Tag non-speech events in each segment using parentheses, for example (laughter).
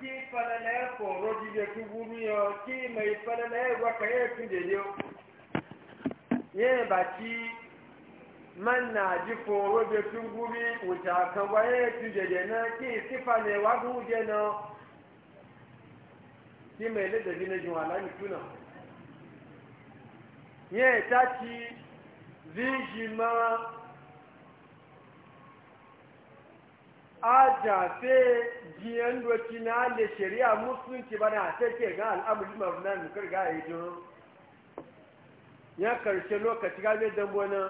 ki fana na ya koro jide tu buru yo ki mai fana na ya gwaka ya tu de yo ye ba ki man na ji koro de tu buru wuta kan wa ya tu de de na ki sifa ne wa gu je no ki mai le de ne jun ala ni tuna ye ta ki zinji ma a jafe jiyan doki na le shari'a musulunci ba na take ga al'amuri marunan nukar ga yi ya karshe lokaci gabe don wani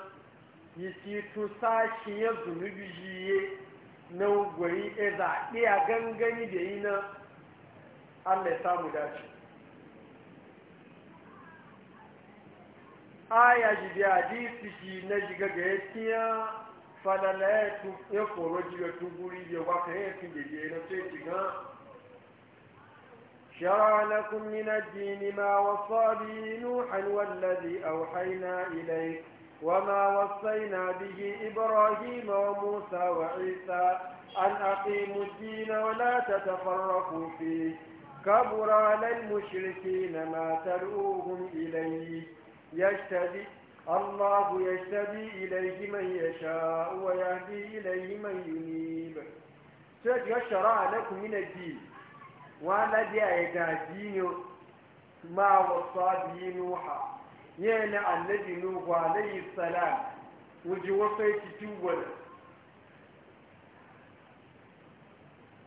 yiki tusa shi ya zunubi jiye na gwari e zaɓe a gangani da yi na allah samu dace aya ji da hadisi shi na jiga ga ya tu o tu buri koro o tuguri ya waka de fi jeje na ce shiga شرع لكم من الدين ما وصى به نوحا والذي أوحينا إليه وما وصينا به إبراهيم وموسى وعيسى أن أقيموا الدين ولا تتفرقوا فيه كبر على المشركين ما تدعوهم إليه يجتبي الله يجتبي إليه من يشاء ويهدي إليه من ينيب سيد يشرع لكم من الدين وعلى دي أيضا دين ما وصى به نوحا يعني الذي نوح عليه السلام وجوصيت تولا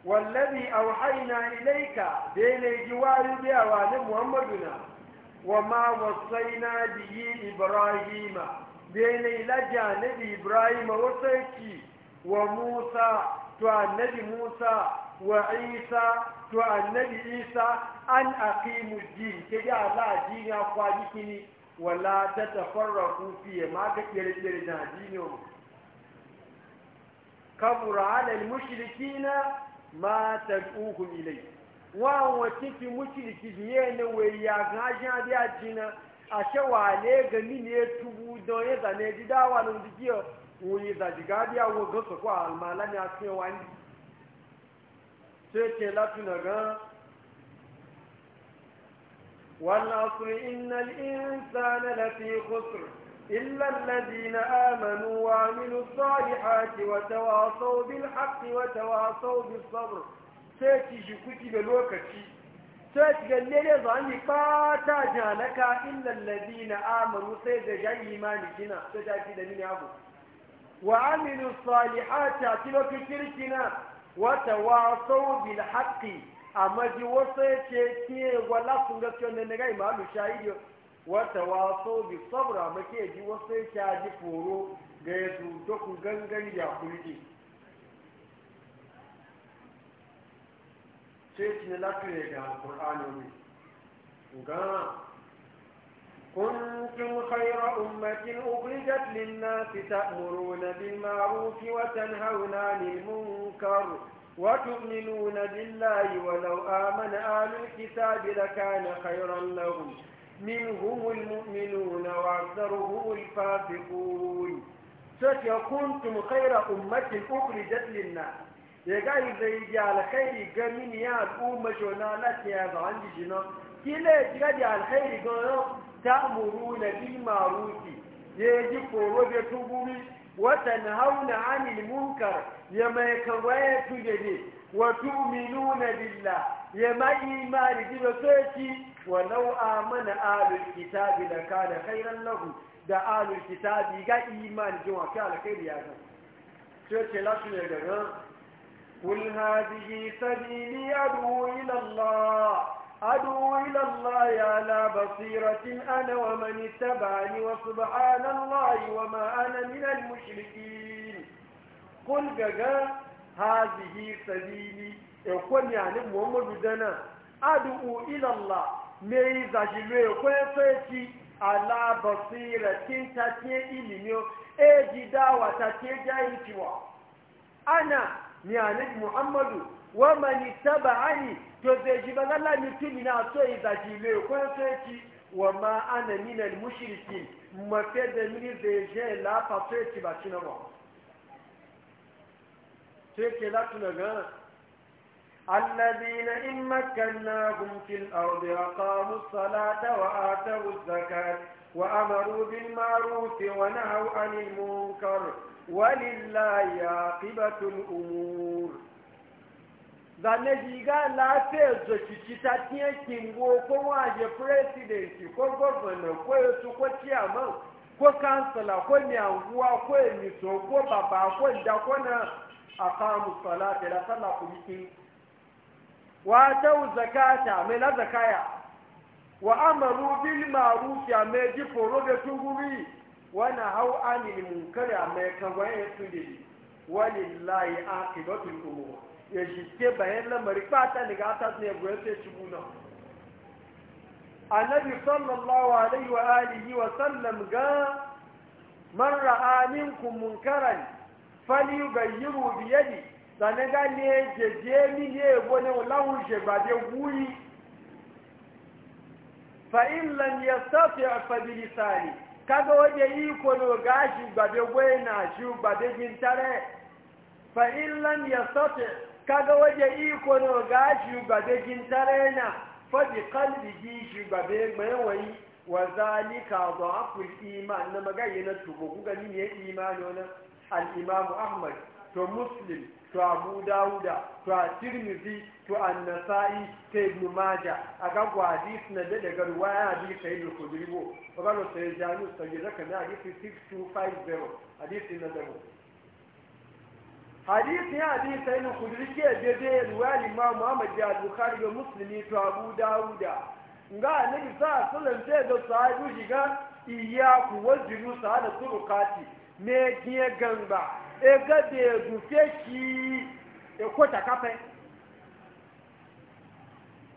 والذي أوحينا إليك دين الجوار بأوان محمدنا وما وصينا به إبراهيم بين إلى جانب إبراهيم وصيكي وموسى النبي موسى وعيسى النبي عيسى أن أقيموا الدين كجاء الله دين أخوانكني ولا تتفرقوا فيه ما كتير ترجع دينهم كبر على المشركين ما تدعوهم إليه wawon titi mushiriki biye na waya gajin abiya jina a cewa ne gani ne tubu don ya zane ji dawa na wuji kiyo wuyi zaji gabiya wo gasa ko almala ne a cikin wani sai ce latu na gan والعصر إن الإنسان لفي خسر إلا الذين آمنوا وعملوا الصالحات وتواصوا بالحق وتواصوا بالصبر sai ki shi kuki da lokaci sai ki galle ne za ni fata janaka illal ladina amanu sai da jan imani gina sai ta fi da ni abu wa amilu salihati a cikin kirkina wa tawasaw bil haqqi amma wasa wasu ce ke wala sun gaskiya ne ne ga imamu shahidiyo wata waso bi sabra muke ji wasu ya ji foro ga ya ta ku gangan ya kulki sai لكي lafiya ga alƙur'ani ne كنتم خير أمة أخرجت للناس تأمرون بالمعروف وتنهون عن المنكر وتؤمنون بالله ولو آمن آل الكتاب لكان خيرا لهم منهم المؤمنون وأكثرهم الفاسقون كنتم خير أمة أخرجت للناس ya ga zai ji alkhairi ga mini ya al'umma shona lati ya zawan jiji na kila ya shiga da alkhairi ga ta muru na bi maruki ya ji koro da tuguri wata na hauna anil munkar ya mai kawai tujeje wa tu'minuna billah ya mai imani ji da soki walau amana alul kitabi la kana khairan lahu da alul kitabi ga imani ji wa kana alkhairi ya ga sai ce lasu ne daga قل هذه سبيلي أدعو إلى الله أدعو إلى الله على بصيرة أنا ومن اتبعني وسبحان الله وما أنا من المشركين قل جاء هذه سبيلي يقول يعني محمد دنا أدعو إلى الله ميزا جلوه كويتي على بصيرة تاتيه إلميو أجي دعوة تاتيه جايتي أنا ni ale muhammadu wa mani saba ani to zai ji ba la na so e ta ji le ko se ki wa ma ana ni na mushriki ma se de mi de je la pa pe ti ba kina wa se ke la na ga alladheena imma kanna hum fil ardi aqamu ssalata wa atu zakat wa amaru bil walillahi aqibatul umur zane ga lafiya zokici ta tiye kingo ko waje president ko governor ko yasu ko chairman ko kansala ko mai anguwa ko emiso ko baba ko da ko na aqamu salata la salla ku yiki wa tau zakata mai la zakaya wa amaru bil ma'ruf ya mai foro da tunguri wana hau anil munkari a mai kagwayen su da yi wani layi a kibatun umuru ya shi ke bayan lamari fata daga ta ne goya sai ci buna annabi sallallahu alaihi wa alihi wa sallam ga man ra'a minkum munkaran falyughayyiru bi yadi sanan ga ne jeje mi ne wani lahu je ba de fa in lam yastati' fa bi lisani kaga waje yi kono gashi gbabe gwena shi gbabe gintare fa ya yastati kaga waje yi kono gashi gbabe gintare na fa bi qalbihi shi gbabe mai wayi wa zalika dhaful iman na magayi na tubo kuga ni ne imani wannan ahmad to muslim to abu dawuda to a tirmizi to an nasa'i ta ibn maja a ga gwadis na da daga ruwaya hadisi sai da kudribo ba ga sai yi sai da kana hadisi 6250 hadisi na da hadisi ya hadisi sai ku kudri ke daidai ruwaya imam muhammad ya bukhari da muslimi to abu dawuda nga annabi sa sallan sai da sahabu shiga iyaku wajiru sa da turukati me giye gamba ega dị egufe shi ekota kafai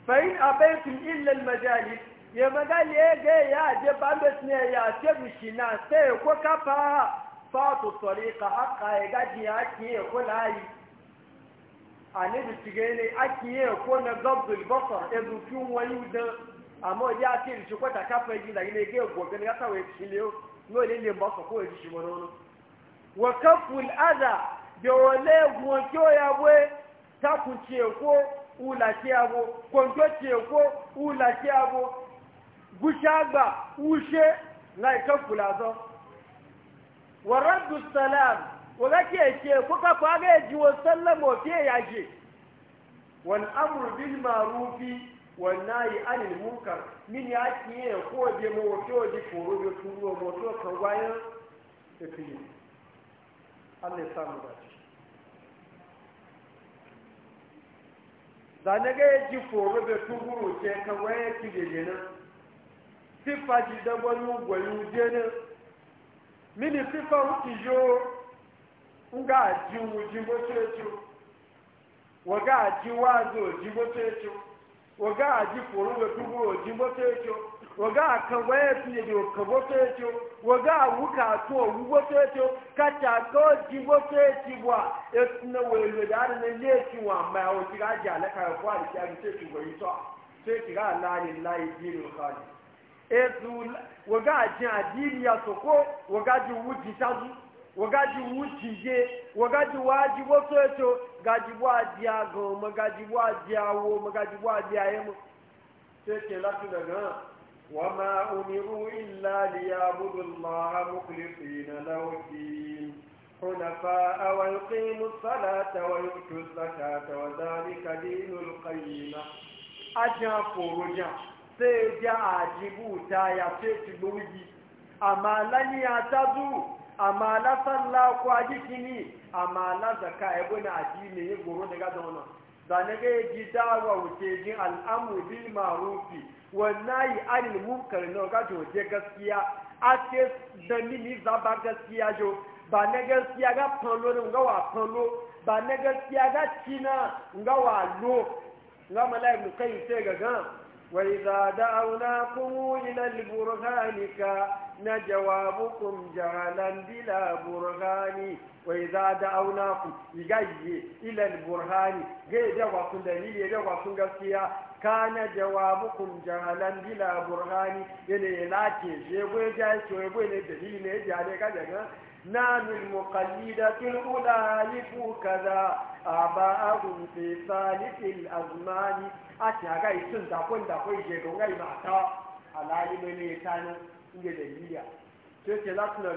fa'in abaitin illal majalis ya magali ega ya je bambas ya tebu na sai eko kafa fatu tsarika haka ya ya ake eko na a ne da shiga ne ake eko na gabdul basar wani amma ya kwata yi na na ne mbasa ya wa kaful adha jọwọlé gun tí ó ya wé takùn tí èkó ula tí a wo kọjọ tí èkó ula tí a wo gúṣàgbà wúṣe láì kaful adha wa raddu salam wọ́n kí nínú àti yẹn kó o jẹ fòrò yóò tún wọ́n tó kàn wáyé ètò Allah ya er samu dace zane ga ya ji foro da tuguru ke kan waya ki da jinin sifa ji da wani gwayo jinin mini sifa wuki yo nga ji wuji gocecu waga ji wazo ji gocecu waga ji foro da tuguru ji gocecu waga akan waya fiye da kabo to ya ce waga a wuka to wugo to ya ce kacha ko jibo to wa ya ya wuce ga ji alaka ya kwa da kiyar ce ci gwai ga layi layi jirin kali ezu waga a adiri ya soko waga ji wuji tazu waga ji wuji ye waga ji waji wato ya ce gajibu a diya goma gajibu a diya wo magajibu a diya yemu sai ke lati daga وما أمروا إلا ليعبدوا الله مخلصين له الدين حنفاء ويقيموا الصلاة ويؤتوا الزكاة وذلك دين القيم أجا فورجا سيجا عجبو تايا تيتبوجي أما لن يعتذوا أما لا صلى قواجي كني أما لا زكاة يبون عجيني يقولون لك دونا zanage ji dawa wuce jin al'amu bil marufi wannan yi anil munkar na ga je gaskiya a ce da mini zaba gaskiya jo ba na gaskiya ga falo ne ga wa falo ba na gaskiya ga cina ga wa lo ga mu kai sai ga ga wa idza da'awnakum ila al-burhanika na jawabukum jahalan bila burhani wa idha da'awnakum igayye ila al-burhan da wa kun dalili ya wa kun gaskiya kana jawabukum jahalan bila burhan yana yake je gwe ja da gwe ne ni, ne ja ne ka daga na min muqallidatul ula alifu kaza aba'ahum fi salikil azman a ci a gaisun da kwanda kwai shekaru gai mata alayi mai ne ta nan da dalili تلك لقنا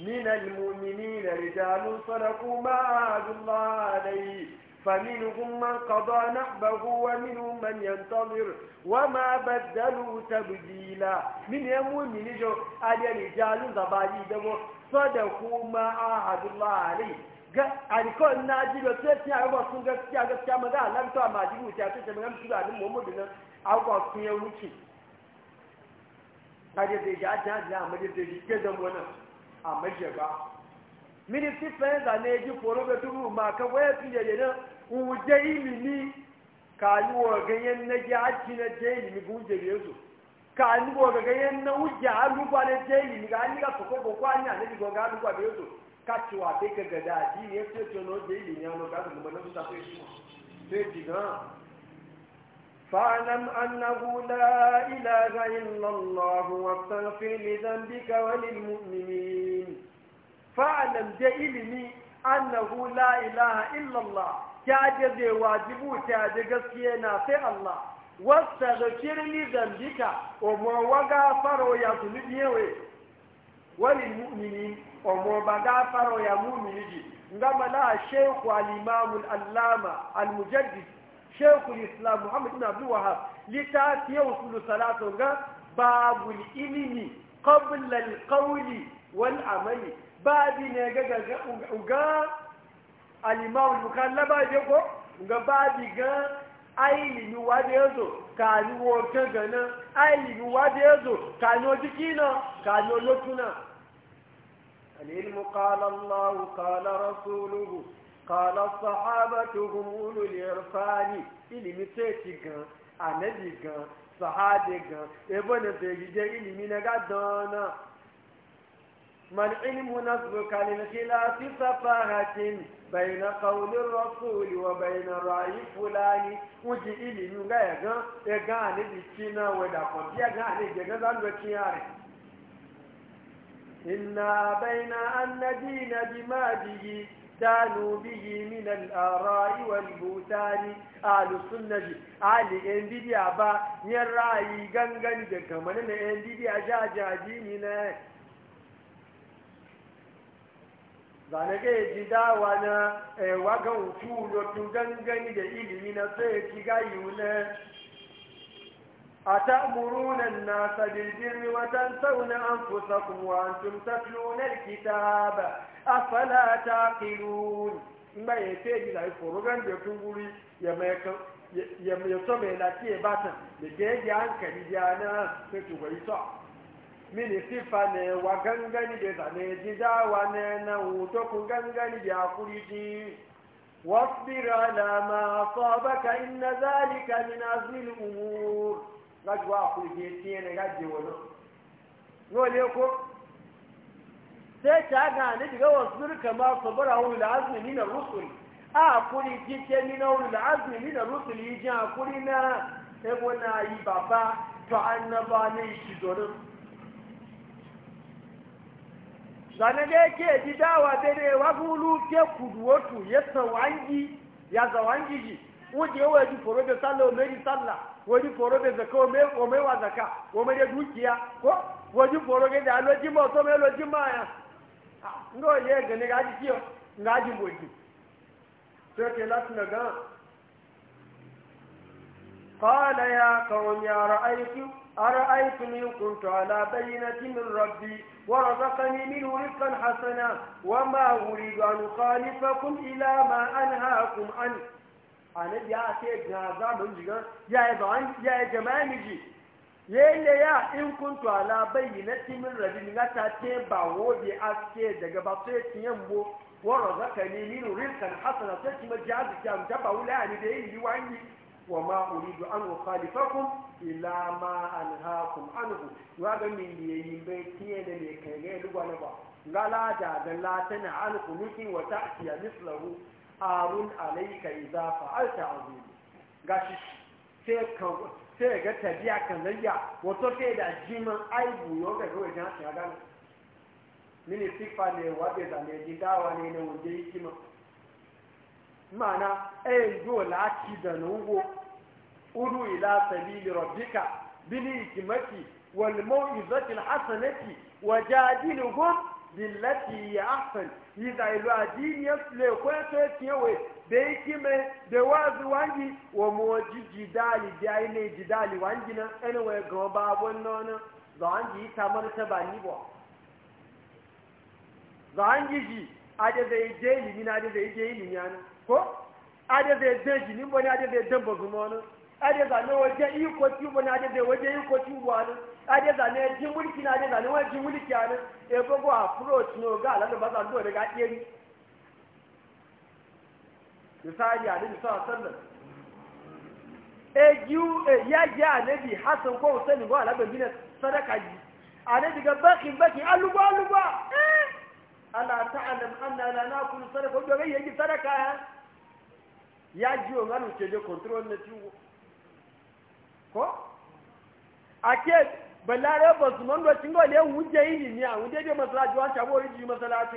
من المؤمنين رجال صدقوا ما عاد الله عليه فمنهم من قضى نحبه ومنهم من ينتظر وما بدلوا تبديلا من المؤمنين جو أدي رجال زبالي دو صدقوا ما عاد الله عليه alikon na ji da sai ya ba sun gaskiya gaskiya maza Allah to amma ji wuce ta ce mun su da mu mu dinan agwa sun ya wuce kaje da ya ah, ta da amaje ah, da shi ke dan wannan amaje ah, ba mini ti fe da ne ji foro be tu ma ka waya ti je ne u je imi ni ka ni wo ga yen ne ji aji ne je ni mi guje be yesu ka ni wo ga yen na u ja lu ba ne je ni mi ga ni ga soko bo kwa ni ne ji go ga lu ba be yesu ka ti wa be ga ga da ji ne se to no je ni ni ano ga mo na su ta pe su se ti gan فاعلم أنه لا إله إلا الله واستغفر لذنبك وللمؤمنين فاعلم جئلني أنه لا إله إلا الله كاجز واجب كاجز كينا في الله واستغفر لذنبك وما وغفر يا ذنبيه وللمؤمنين وما بغفر يا مؤمنين نعم، ngama لا sheikh والإمام الألامة المجدد shekul islam muhammad ibn abdul wahab litafiya usulu salatu ga babul ilimi qabla alqawli wal amali babi ne ga ga ga al-imam al-mukallaba je ko ga babi ga ni wade yazo ni wo gana ni wade yazo odikina ka ni olotuna al-ilmu qala allah qala rasuluhu قال الصحابة هم أولو الإرفان إلي متيتي غن أنبي غن صحابي غن إبن زيجي إلي من غدانا من علم نصبك للخلاف سفاهة بين قول الرسول وبين رأي فلان وجي إلي من غيغن إغاني بكينا ودقون يغاني جغزان وكياري إنا بين أن ندين بما استعلوا به من الآراء والبوتان آل السنة آل انبيدي أبا يرأي غنغن جكمن انبيدي أجاجا ديننا zanage ji dawa na waga hutu lotu gangani da ilimi na sai ki gayi wuna a ta'murunan nasa bilbirni wa tansauna anfusakum wa antum tatluna alkitaba afala taqilun ngba ye te di la foro gan de tunguri ya me ka ya ya to me la ti e batan le ge di an ka di ana se tu go iso mi ni sifa ne wa gangani de za ne di wa ne na u to ku gangani di akuri di واصبر على ما أصابك إن ذلك من عزم الأمور رجوا أقول جيتين رجوا نقول لكم sai ta ga ni daga wasu kama sabara wani la'azmi ni na rusuli a kuri kike ni na wani la'azmi ni na rusuli yi jin hakuri na ego na yi baba to annaba ne shi dorin zane da yake ji dawa dare wa gulu ke kuduwatu ya sawangi ya zawangi ji wuje wa ji foro da sallah omeri sallah wani foro da zaka wa mai wa zaka wa dukiya ko wani foro da alojima to mai alojima ya nga o yege nga aji kio nga aji mboji tete lati na gan qala ya qawm ya ra'aytu ara'aytu min kuntu ala bayyinatin min rabbi wa razaqani minhu rizqan hasana wa ma uridu an ukhalifakum ila ma anhaakum an anabi ya ce ga za don jiga ya ba an ya jama'a miji yayye ya in kuntu ala bayyana timin rabi na ta ce ba bi aske daga ba sai tiyan bo wa zaka ni min rizqan hasana sai ki ma jazu ki am ta ba wula ni da yi wani wa ma uridu an ukhalifakum ila ma anhaakum anhu wa ga min da yi bai tiye da ne kai ga duwa na ba ngala da ga tana an kunuki wa ta'tiya mislahu arun alayka idha fa'alta azim gashi sai kan sai ga tabiya kanayya wato sai da jiman aibu yau ga kawai jan shi hadan mini sifa ne wabe da ne gidawa ne na wanda yi kima mana ayin dole aki da nungo udu ila sabili rabbika bili hikimati wal mau'izati al hasanati wajadilhum billati hi ahsan idza ilu adin yasle ko to tiyewe da hikime da wazi wangi wa moji jidali da yi ne jidali wangi nan ɗan wai ga babon za wangi yi tamar ta ba ni ba za wangi ji a zai je ilimi na da zai je ilimi yana ko a zai je jini ba na da zai dan ba zuma wani a da zane waje iko na da zai waje iko wani na da zane wajen mulki yana ebe ga misali annabi sallallahu alaihi wasallam ejiu ya ji annabi hasan ko husaini ko alaban bin sadaka ji annabi ga baki baki aluba aluba ala ta'lam anna la nakul sadaka ko ga yaji sadaka ya ji o nganu ce de control na tiwo ko ake balare ba su mando cingo le wuje yi ni a wuje be masalaci wa shabo yi masalaci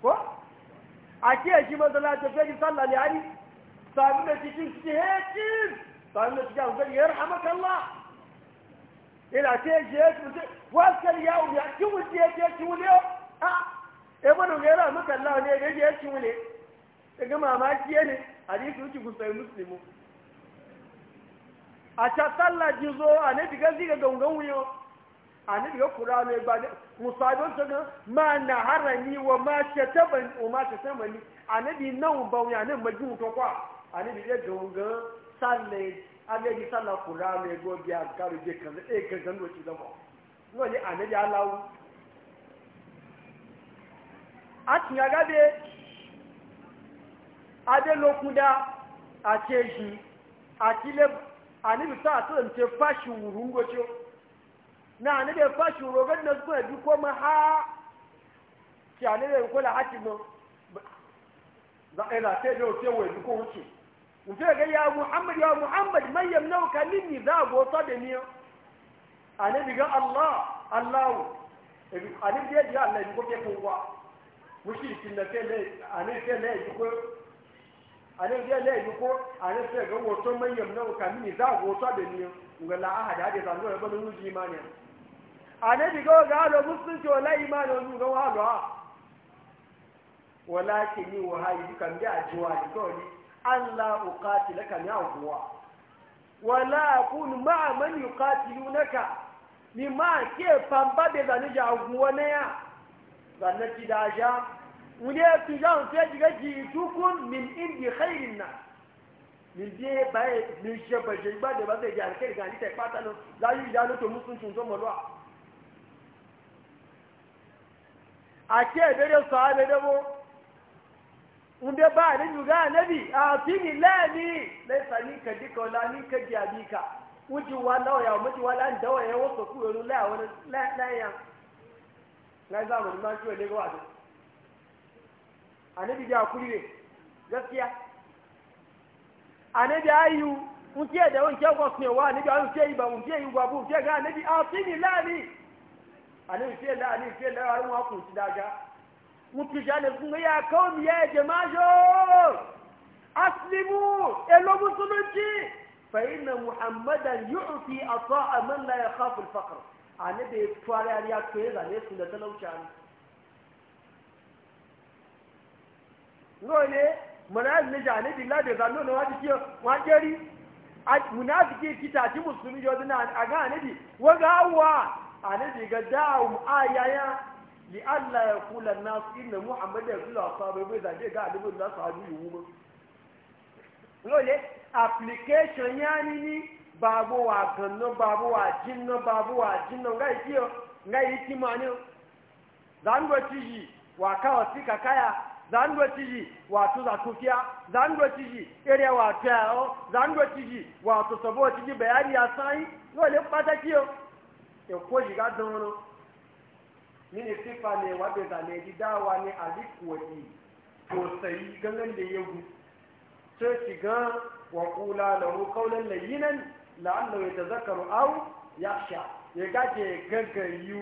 ko a kiyaye shi masalacin fegin sallah ne hari sami da cikin cikin sami da cikin zai yar hamakalla ina ce shi ya tuce waskar ya wuya ki wuce ya ce ki wule a e eh, bano ga yara makalla ne ga ya ki wule daga mamaki ne su wuce gusai musulmi a ta sallah jizo a ne diga ziga gangan wuyo annabi ya kura mai ba da musabin su ga ma na harani wa ma shataban wa ma shatamani annabi nan ba ya nan majin to kwa annabi ya dunga salle annabi salla kura mai go biya karu je kan e kan zan wuce da ba wani annabi Allah a tin ya gabe ade lokuda a ce shi a kile annabi sa ta ce fashi wurungo ce na ne da fashi rogan da suka ji ko ma ha ki a ne da kula haki mu za e a ina sai da ce wai ko wuce mu ce ga ya muhammad ya muhammad man yamnauka za go ta da ni annabi ga allah allah annabi e ya allah ko ke kowa mushrikin da sai ne sai ne ko ko ga wato za go da ni ngala ahada imani annabi ga ga da musulunci wala imani wani ga wahalwa walakin ni wahayi kan bi ajiwa ni kawai Allah uqatila kan ya guwa wala akun ma'a man yuqatilunaka ni ma ke pamba be zani ja guwa ne ya zanati da ja wuje ti ja on se diga ji tukun min indi khairin na min je bae min je baje ba de ba de ja ke ga ni te pata no la yu ja no to musun tun to mo lo ake ebere sahabe dabo inda ba ni juga annabi a fini lani laisa ni ka dika wala ni ka jabika wuji wala ya muji wala dawa ya wasu ku yoru la wala la la ya la za mu ma ciwo ne ga wato annabi da kuri ne gaskiya annabi ayu mun ce da wanke ko ne ani ife la ani ife la ari wọn kun ti daga mutu jale fun ya kawo mi ya je majo aslimu elo musulunci fa inna muhammadan yu'ti ata'a man la yakhafu al-faqr ani be tuare ari ya to ya ne sun da talauci ani ngole mana ne jale billahi da zanno ne waji ki wajeri munafiki kitati musulmi jodina aga ne bi waga wa annabi ga da'um ayaya li Allah ya kula nas inna muhammad ya kula sahabe bai zaje ga alibin da sahabi yuwu ba lole application ya ni ni babu wa ganno babu wa jinno babu wa jinno ga ikiyo ga ikimanyo zan go tiji wa kawo sika kaya zandwe tiji watu za kufia zandwe tiji area watao zandwe tiji watu sobo tiji bayani ya sai wale pata kio èkó yìí ká dán wọn mínísítà ní ẹwà bẹ̀rẹ̀ ní ẹ̀dí dáwà ní àdínkù ẹ̀dí sẹ̀yí gángan lè tó sì gan wọ́n kú lálọ́wọ́ kọ́lẹ́ náà áwù gángan yìí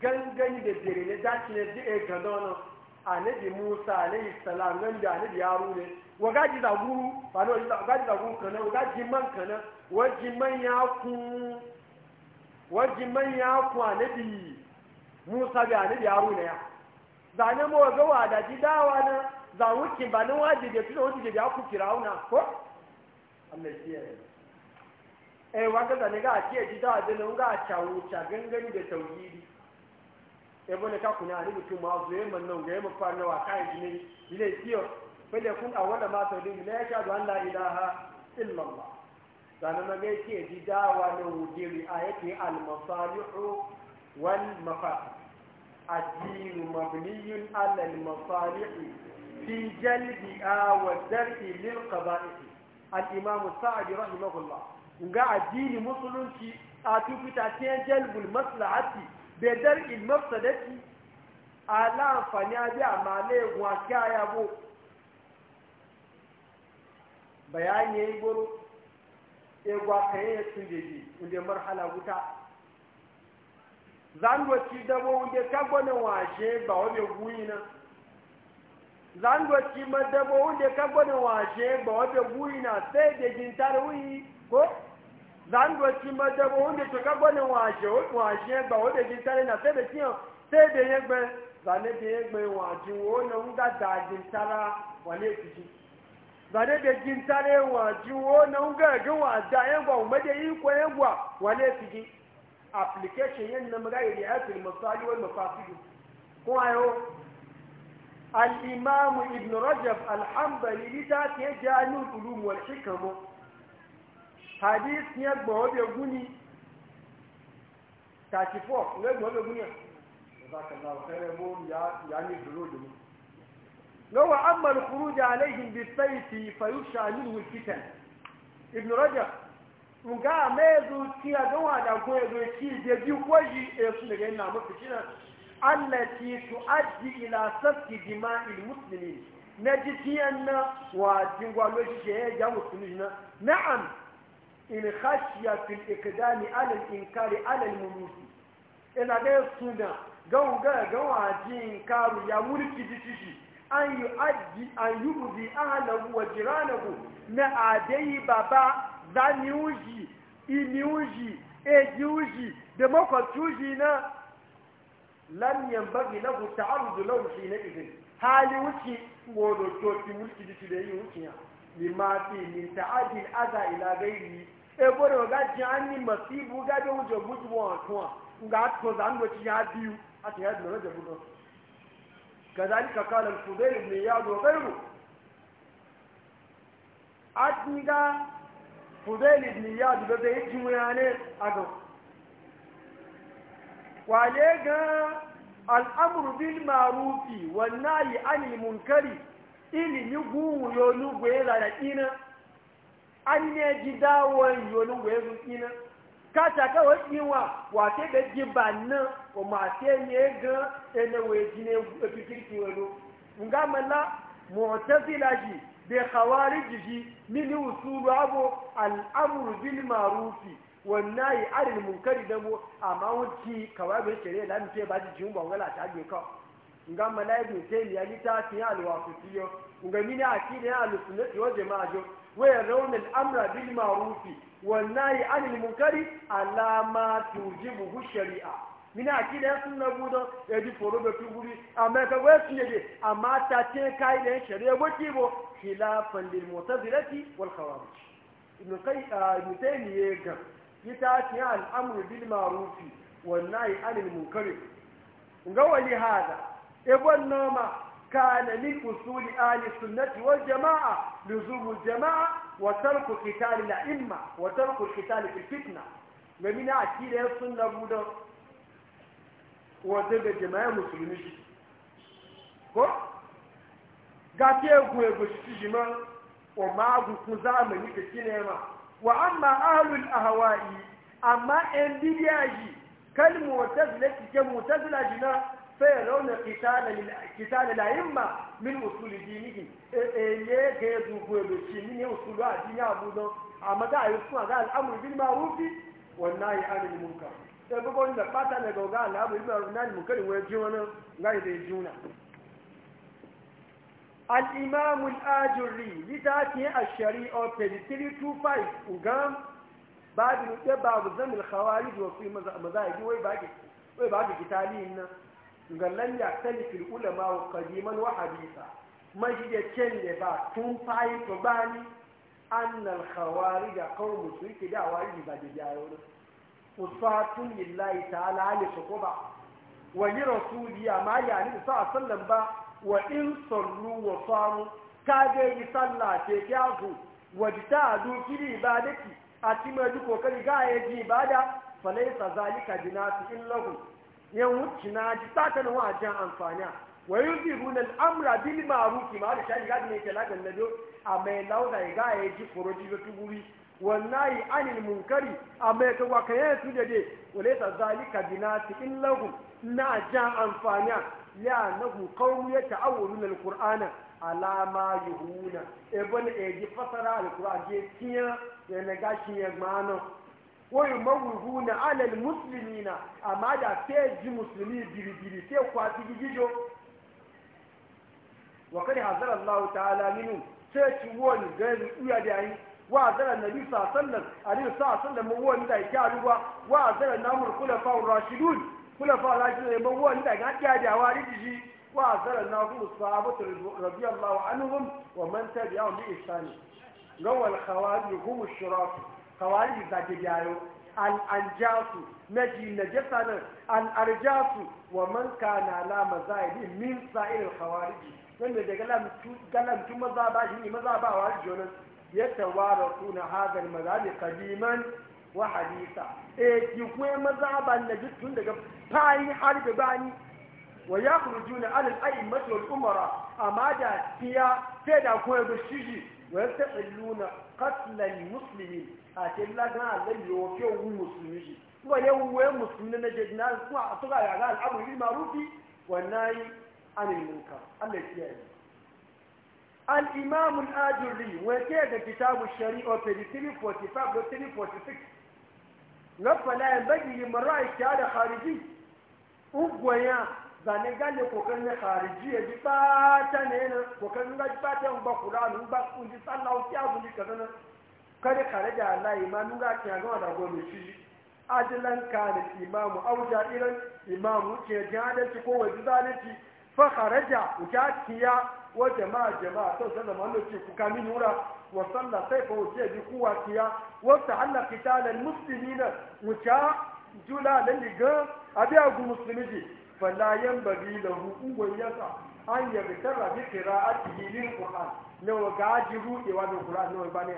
gángan yìí bẹ̀rẹ̀ ní ẹ̀gàn náà musa da anabi yaro ne wa gaji da guru ba no gaji da guru kana wa gaji man kana wa ji man ya wajen manya kuwa na bi musa a ni bi yaro na ya zane eh, wa ga da ji dawa na za wuce ba na waje da tuna wajen da ya ku firawuna ko amma shi ya eh wanda zane ga ake ji dawa da nan ga a cawo ca gangani da tauhidi eh bane ka kuna ni rubutu ma zo man nan ga yamma fara wa kai ji ne ne kiyo fa da kun wanda ma tauhidi la ya sha zuwa la ilaha illallah sannan na ga yake ji dawa na wujiri a yake almasalihu wal mafasid addinu mabniyun ala almasalihi fi jalbiha wa dar'i lil qaba'ih al-imam sa'di rahimahullah ga addini musulunci a tufita ce jalbul maslahati be dar'i mafsadati ala amfani abi amale wa kaya bo bayani yayi goro egwa kan ya tunjeji inda marhala wuta zangoci dabo wunde kagwana washe ba wabe guyi na zangoci ma dabo wunde kagwana washe ba wabe guyi na sai da jintar wuyi ko zangoci ma dabo wunde to kagwana washe washe ba wabe jintar na sai da kiyan sai da yegbe zane da yegbe wajen wani wuga da jintara wane fiji zane da jin tare wa jiwo na ungaragin wa da yan gwa umade yi ko yan gwa wane su ji application yan na magana da yasin masali wal mafasidu ko ayo al-imam ibn rajab al-hanbali lita ke jami'ul ulum wal hikam hadith ne gbo be guni 34 ne gbo be guni ya ya ni duro dumi لو أما الخروج عليهم بالسيف فيخشى منه الفتن ابن رجب nga mezu tiya don wada ko yazo ci je bi kwaji e su daga ina muku kina allati tuaddi ila sabti dima'il muslimin na ji tiyan na wa jingwa lo shi je ya muslimin na na'am in khashiya fil iqdami ala al inkari ala al muluki ina da suna ga ga ga wa jin karu ya mulki ji shi an yi aji an yi buzi ahalabu wa jiranabu na adayi baba za ni uji ini uji eji uji da makwabci uji na lam yambagi lahu ta'arudu lahu shi na idin hali wuce wodo to ti mulki dici da yi wuce ya lima fi min ta'adil aza ila gairi e bore ga jani masibu ga da wuce gudu wa ga to zan wuce ya biyu a ta yadda na jabu كذلك قال الفضيل بن اياد وغيره أتنقى فضيل بن اياد بدا يجمع يعني أدو وعليك الأمر بالمعروف والنهي عن المنكر ili yugu yonu gwela na ina an ne ji dawon yonu gwela ina kata ka wasi wa wa te da jiban nan o ma te ne ga ene we jine fikirki wado nga mala mu'tazila ji bi khawarij ji min usul abu al amru bil ma'ruf wan nahy anil munkar da mu amma wuci kawabe shari'a da mu ce ba ji jumba ngala ta ge ka nga mala ibn taymiya ni ta ti al waqtiyo nga mini akida al sunnati wal jama'a jo wa yarawna al amra bil ma'ruf والنهي anil munkari على ما توجبه shari'a mina akida sun na gudo edi foro be tuguri amma ka wesu ne amma ta ce kai da shari'a goki bo khilafan lil mu'tazilati wal khawarij ibn qayyim ibn taymiyyah ga kita ce al amru bil ma'rufi wan anil munkari. ga wali hada ibn noma kana min usuli ahli sunnati wal jamaa luzumul jamaa وترك قتال الأئمة وترك القتال في الفتنة ومن أكيد السنة بودا وزيد جماعة مسلمين ko ga ke goye goshi ci jima wa magu ku zamani da sinema wa amma ahlul ahwa'i amma en bidiyaji kalmu wa tazlati ke mutazila jina فيرون قتال قتال الأئمة من أصول دينهم إيه جيدوا قولوا من أصول دين أبونا أما دا يسمع دا الأمر بالمعروف والنهي عن المنكر تبقون لك باتا نقوغا الأمر بالمعروف والنهي عن المنكر ويجونا غير يجونا الإمام الآجري لذاته الشريعة 325 وقام بعد نتبع بزم الخوارج وفي مذاهب ويباقي ويباقي قتالين galan ya tali fil ulama wa qadiman wa hadisa ba tun fayi to bani annal khawarij qawm suki da wari ba da jayo usatun lillahi ta'ala ali sukuba wa li rasuli ma ya ni sa sallan ba wa in sallu wa samu kage yi sallah ce kyazu wa bitadu fil ibadati cimar duk kokari ga yaji ibada falaisa zalika jinasi illahu yan wuce na ji sata na wajen amfani wa yi fi amra bili maruki ma da shari gadi ne ke lagan na a mai lauda ya gaya ya ji koro ji wannan yi anil munkari a mai da kan yana su dade wale ta zalika su in lahu na jan amfani ya nahu kawo ya ta'awuru na alkur'ana alama yuhuna ebe na ya e ji fasara alkur'an je tiya e ya na gashi ya ويموهون على المسلمين أما دا تيجي مسلمين بيري بيري تيوكواتي جيجو وقد حضر الله تعالى منه تيجي وان غير ويا دعين وعذر النبي صلى الله عليه وسلم عليه الصلاة والسلام هو من يتعلوا يعلوا وعذر النام الخلفاء الراشدون خلفاء الراشدون يبا هو من يتعلوا يعلوا وعليه وعذر النامر الصحابة رضي الله عنهم ومن تبعهم بإحسانه لو الخوالي هم الشرافة kawari zage biyayo al'anjasu na na jasa nan al'arjasu wa man kana la mazaidi min sa'ir khawariji nan da galam tu maza ba shi ne maza ba wari jonan ya tawara kuna hadal mazhabi qadiman wa hadisa E, eh, ki kuwe maza ba na ji tun daga fayi har da bani wa yakhrujuna ala al-a'immati masu umara amma da tiya sai da kuwa da shiji ويستحلون قتل المسلمين أتلا لا الذي يوفيه المسلمين ويوم المسلمين نجدنا أطلع على الأمر بالمعروف والنهي عن المنكر التي يعني الإمام الآجري وكيد كتاب الشريعة في 345 و 346 نفلا ينبغي لمرأة كهذا خارجي أبويا zane gani kokan ne kariji ya ji bata ne na kokarin ga bata yan ba qur'anu ba kun ji sallahu ya kun ji kaza na kare da Allah imanu ga kiya ga da gobe shi ajilan kana imamu auja iran imamu ke ci ko wajen zalunci fa kharaja kiya wa jama'a jama'a to sai da mallo ci ku kami nura wa sallah sai fa wuce k'u kuwa kiya wa ta'alla qitalal muslimina wuta jula da abi agu muslimi fala yanbaghi lahu in yasa an yabtara bi qira'atihi lil qur'an ne wa gajiru e wa bil qur'an ne ba ne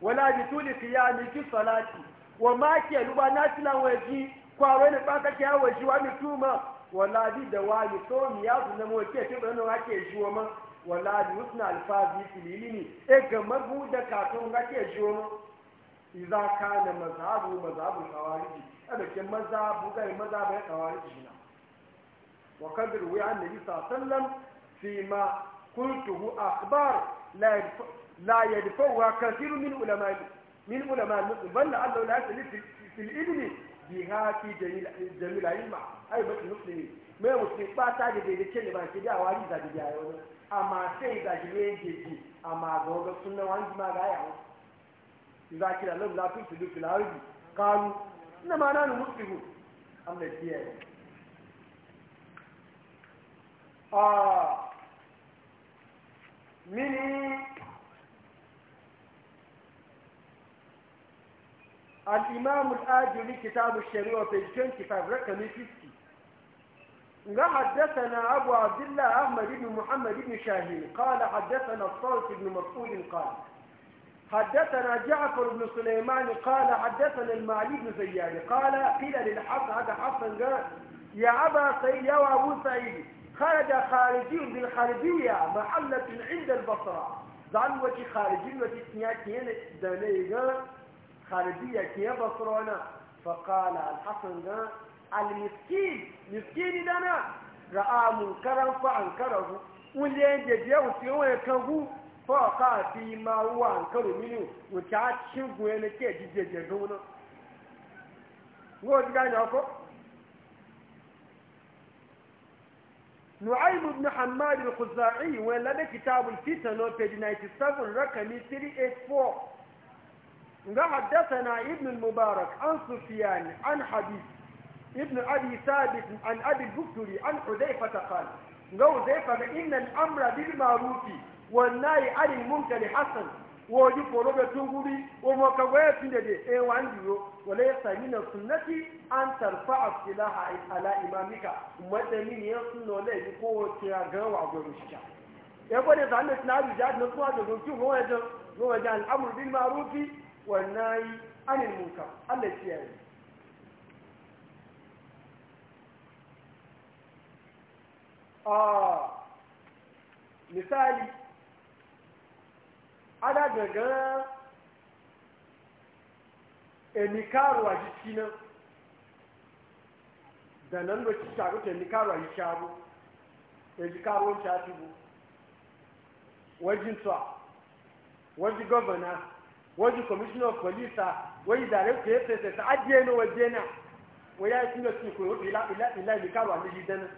wala bi tuli qiyami fi salati wa ma ke luba nafila waji kwa wani baka ke waji wa mituma wala bi dawali so mi ya zuna mo ke ke bano wa ke jiwo ma wala bi usna alfazi fililini e ga magu da katon ga ke jiwo ma idza kana mazhabu mazhabu khawariji ɗarfin maza bugari maza bai tsawari su gina wa kabir wuya an da yi sasallan fi ma kultuhu akbar la ya dafa wa kasiru min ulamai min ulamai musu banda la ya fi fil ilmi bi hafi jamila ilma ai ba su nufi ne ba ta da bai da ba ke da wani zaɓi da yawon amma sai zaɓi ne ke ji amma ga wani sunan wani ma ga yawon zaki da lalata su duk lalata kanu إنما نحن مسلمون أما الديانة آه مني الإمام الآجلي كتاب الشريعة في كتاب رقم 50 حدثنا أبو عبد الله أحمد بن محمد بن شاهين قال حدثنا الصالح بن مسعود قال حدثنا جعفر بن سليمان قال حدثنا المعلي بن زياد قال قيل للحسن هذا حسن قال يا أبا سعيد يا أبو سعيد خرج خارجي بالخارجية محلة عند البصرة ظن وكي خارجي وكي سنياكين قال خارجية كي بصرنا فقال الحسن قال المسكين مسكين دنا رأى منكرا فأنكره واللي عند يديه وسيوه fọ́ọ̀ká bí máa wà nǹkan òmìnir òkè á ṣígun ẹni tí ẹ̀jíjẹ jẹ̀gbọ́n náà wọ́n ti gáyìn ọkọ́ نعيم بن حماد الخزاعي ولد كتاب الفتن page 97 رقم 384 حدثنا ابن المبارك عن سفيان عن حبيب ابن أبي ثابت عن أبي البكتري عن حذيفة قال قال حذيفة إن الأمر بالمعروف wallahi alil munkari Hassan, woji koro be tunguri o mo ka waye tinde de e wandi yo wala na sunnati an tarfa'a silaha ala imamika madda min ya sunno le ji ko ti ga wa go rusha Ya ko de zanne na bi jad no ko do ki mo e do mo e jan amru bil ma'ruf wa nahi anil munkar Allah ya yi ah misali ada gangan emi karuwa jiki da nan da ci sharu ta emi karuwa yi shafi bu wajin tsa waji governor waji commissioner of police waji director ya fesa ta ajiye wai ya yi sinu sun koyo ila ila ila emi karuwa dana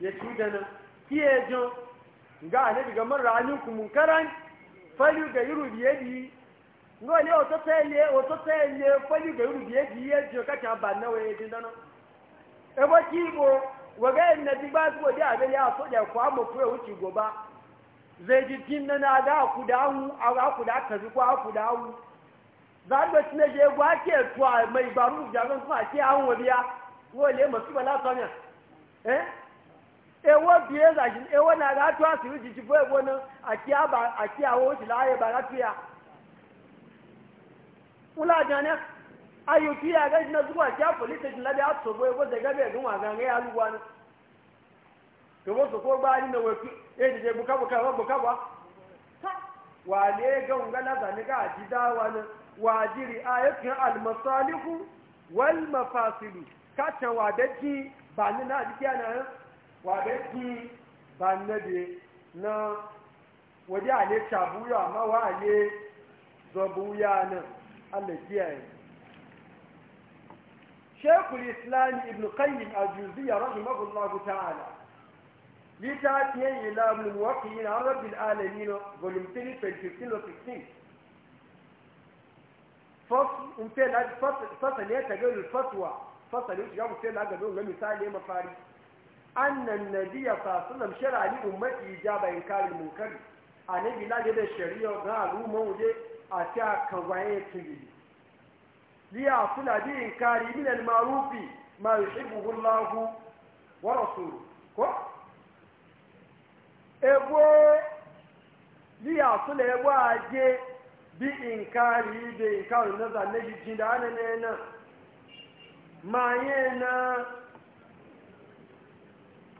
ya ci dana kiye jan ga ne daga mara fẹ́lú gẹ̀yìrù bìí di ngọ́ ilé ga ilé bi ebi fẹ́lú gẹ̀yìrù bìí di yé jù kàkà bà náwó yé dín dáná. ebo tí ibo wẹ́gẹ́ ìnàdí bá gbò dé àbẹ́lẹ́ àsọjà ẹ̀kọ́ àmọ̀fó ẹ̀wù na gòba zèjì tí ahu àwọn àkùdà kàfi kó àkùdà ahu zàgbé tí nàjẹ egu àti ma àmọ̀ ìgbàrú ìjàgbọ́n fún àti ahụ ya atọ ewo biye zagin ewo na ga tu asiru jiji fo ewo na aki aba aki awo ti la ye bara tu ya ula jana ayu ti ya ga jina zuwa ti police station la da so bo ewo de ga be gun wa ga ya lu wa na to bo so ko ba ni na we ki e de de buka buka wa buka wa wa le ga un ga la da ni ga ji da wa na wa jiri ayatin al masalihu wal mafasilu ka ta wa da ji ba ni na ji na wade ki bannabi na waje ale cabuya amma wa ale zabuya nan Allah kiyaye شيخ الإسلام ابن قيم الجوزية رحمه الله تعالى لتأتي إلى ابن الموقعين عن رب العالمين فولوم 3 15 16 فصل فصل فصل يتجول الفتوى فصل يتجول الفتوى فصل يتجول الفتوى مثال يا مفاري annan nabiya fasallam shari'a ni ummati ijaba inkaril munkari annabi la da shari'a ga al'umma wuje a ta kawaye tuyi liya suna bi inkari min al-ma'ruf ma yuhibbu Allah wa rasuluhu ko ebo liya suna ebo aje bi inkari bi inkari nazar ne jinda ne na ma yana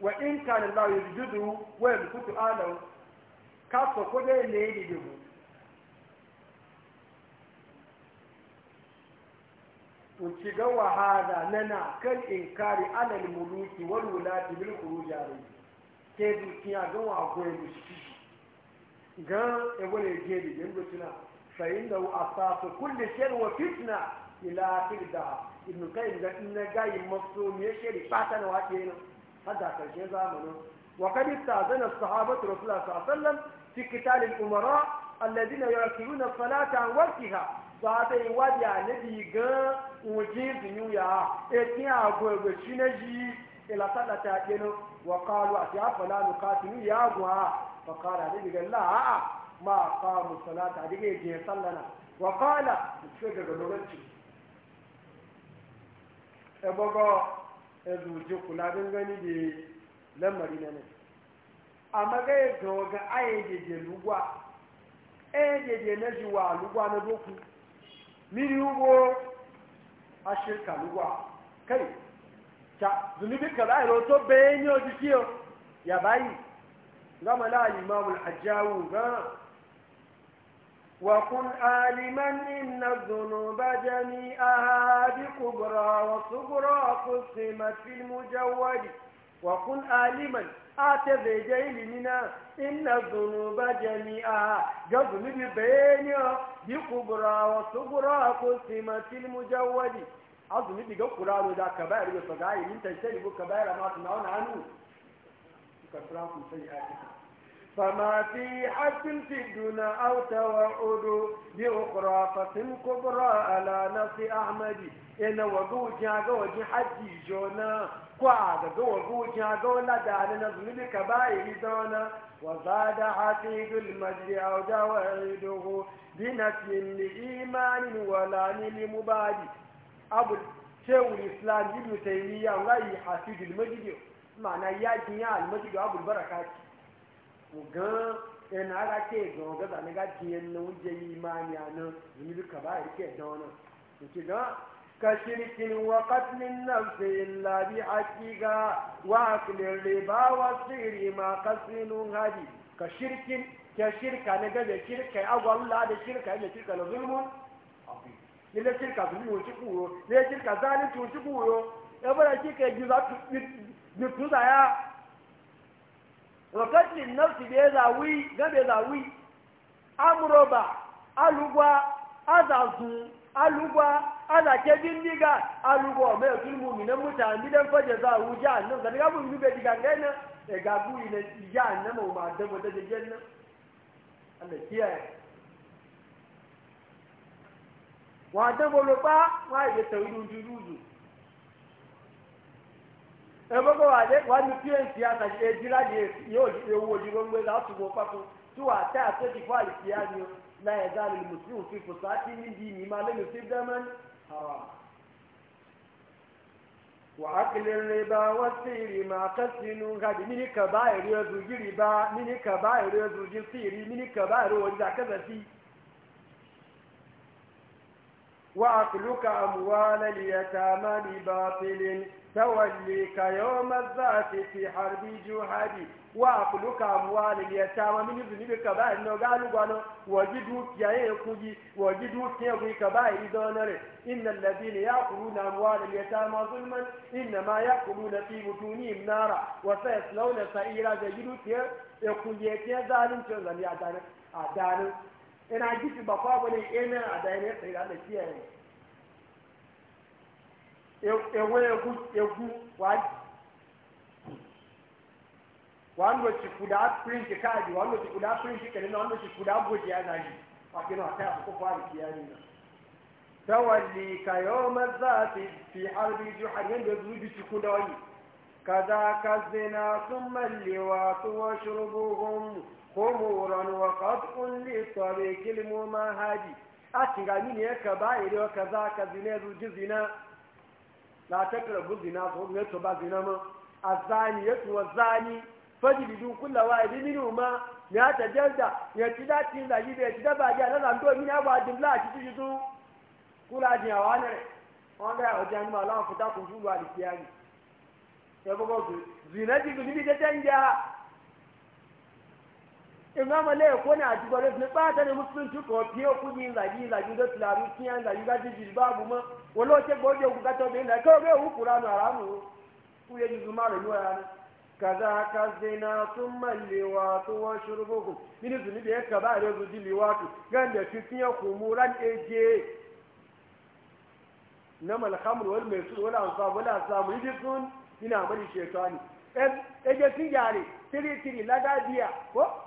wa in kana yujudu wa yamkutu alahu ka so ko dai ne ne dubu uci ga wa hada nana kan inkari alal muluki wal wulati bil khuruj ke dukiya ga wa goye mushi ga e wole je de den gotuna fa inna asafu kulli wa fitna ila akhir da ibn qayyim ga inna gayi ya shari wa kenan حتى كرشي زامنه وقد استأذن الصحابة رسول الله صلى الله عليه وسلم في قتال الأمراء الذين يؤكلون الصلاة عن وقتها sọ́dọ̀ ìwádìí àlébì gan òun jí ìdìyú yà á etí àgọ́ ẹgbẹ̀ ṣínà yìí ìlàsàdàtà àgbẹ̀nu wọ̀kàlù àti àfọ̀lánù káàkiri yà á gùn á wọ̀kàlù àlébì gan láà máa kọ́ mùsùlùmí àdìgẹ́ ìdìyẹ sálànà wọ̀kàlù ìfẹ́ gẹ̀gẹ̀ lọ́rẹ́tì. ẹ̀gbọ́gọ́ ya zuji kula gangani da lamari na nan a magaya ga waga aye jeje lugwa aye jeje na shi wa lugwa na doku mini ugbo a shirka lugwa kai ta zunubi ka bayi roto bayan yau jikiyo ya bayi gama la imamul hajjawu ga وقل آلما إن الذنوب جميعها بكبرى وصغرى قسمت في المجود وكن عالما أتذي جيلنا إن الذنوب جميعها جذل ببين بكبرى وصغرى قسمت في المجود أظن بيجا قرآن ذا كبائر يصدعي من تجتنب كبائر ما تنعون عنه كفرانكم سيئاتكم فما في حد في الدنيا أو توعد بأخرى فصل كبرى على نص أحمد إن وقو جاغا وجي حجي جونا كواغا وقو جاغا ولا دعنا نظلم بكبائر دونا وزاد عتيد المجد أو جوعده بنفي لإيمان ولا لمبادي أبو شيخ الإسلام ابن تيمية وغير حسيد المجد معنى ياجي المجد أبو البركات gan ɛna aga ke gan gaba ne ga diɛ na o jɛ yi ma nya na yi bi kaba yi kɛ dɔn na o ti gan ka shiriki wa katlin nafsi illa bi haqiqa wa akli riba wa sirri ma kasinu hadi ka shirkin ka shirka ne gabe shirka agwalla da shirka ne shirka na zulmun ne da shirka zulmun ci kuro ne da shirka zalunci ci kuro ya bada shirka yi za tu ya wakati nafsi bai zawi ga bai zawi amuroba alugwa azazu alugwa azake alugwa mai otu mumi na mutane gidan faje za a wuce a nan zanaga mun nube diga na iya na ma ma da wata da jenna Allah ya wa da bolo ba wa ya ẹgbẹ́gbẹ́ wa dé wà ní pnc àtàkì èjì láti yóò ewu òjì gbogbo ẹ̀ láti wọ pápó tí wà á tẹ́ àtẹ́jì fún àlìkí á ní láyé dáàlì mùsùlùmí fi fòsò àti níbi ìní máa lẹ́nu sí dẹ́mẹ́n haram. wà á kele rìbá wọ́n sì rìmà kẹ́sìnú gàdí mí kàbá èrè ọdúnjì rìbá mí ní kàbá èrè ọdúnjì sí rí mí ní kàbá èrè ọdúnjì àkẹ́sẹ̀ sí. wà á kìlú ka àmúwá lẹ́lẹ́yẹ توليك يوم الذات في حرب جهادي واكلك اموال اليتامى من ذنبك بعد انه قالوا قالوا وجدوا كيكوجي وجدوا كيكوجي كبائر دونر ان الذين ياكلون اموال اليتامى ظلما انما ياكلون في بطونهم نارا وسيصلون سعيرا يجدوا كيكوجي كي ظالم شغل يا دار ادار انا جيت بقابل انا ادار سعيرا كيكوجي ewe egwu egwu wando chikuda print kadi wando chikuda print kadi wando chikuda goji ya nani wakino ataya kukufa ali kiyani na tawalli ka yawma dhati fi harbi juhar yendo zuji chikuda wali kada kazina thumma liwatu wa shurubuhum khumuran wa qat'un li tariqil mumahadi atinga nini yaka bairi wa kaza kazina zuji zina la taqrabu zina so ne to ba zina ma azani yatu wazani fajlidu kullu wahidin minhuma ya tajalda ya tida tin da yibe tida ba ya la ndo mi na ba din la ti tu kula jin awa ne on da o jan ma la futa kun fulu al kiyani ya bogo zina ji ni de tanja imam ale ko ne a ti gwale ne ba ta ne musulunci ko fiye kudi zagi zagi da tularu kiyan zagi ga ji jilba bu ma wala ce goje ku ka to bin da ko ga hu qur'anu aramu ku ye ji zuma da yoya ne kaza kazina thumma liwatu wa shurubukum min zuni be ka ba re zuji liwatu ganda fi fiye ku muran eje namal khamr wal maisir wal ansab wal aslam yidfun ina bari shaytani eje tin yare tiri tiri lagabiya ko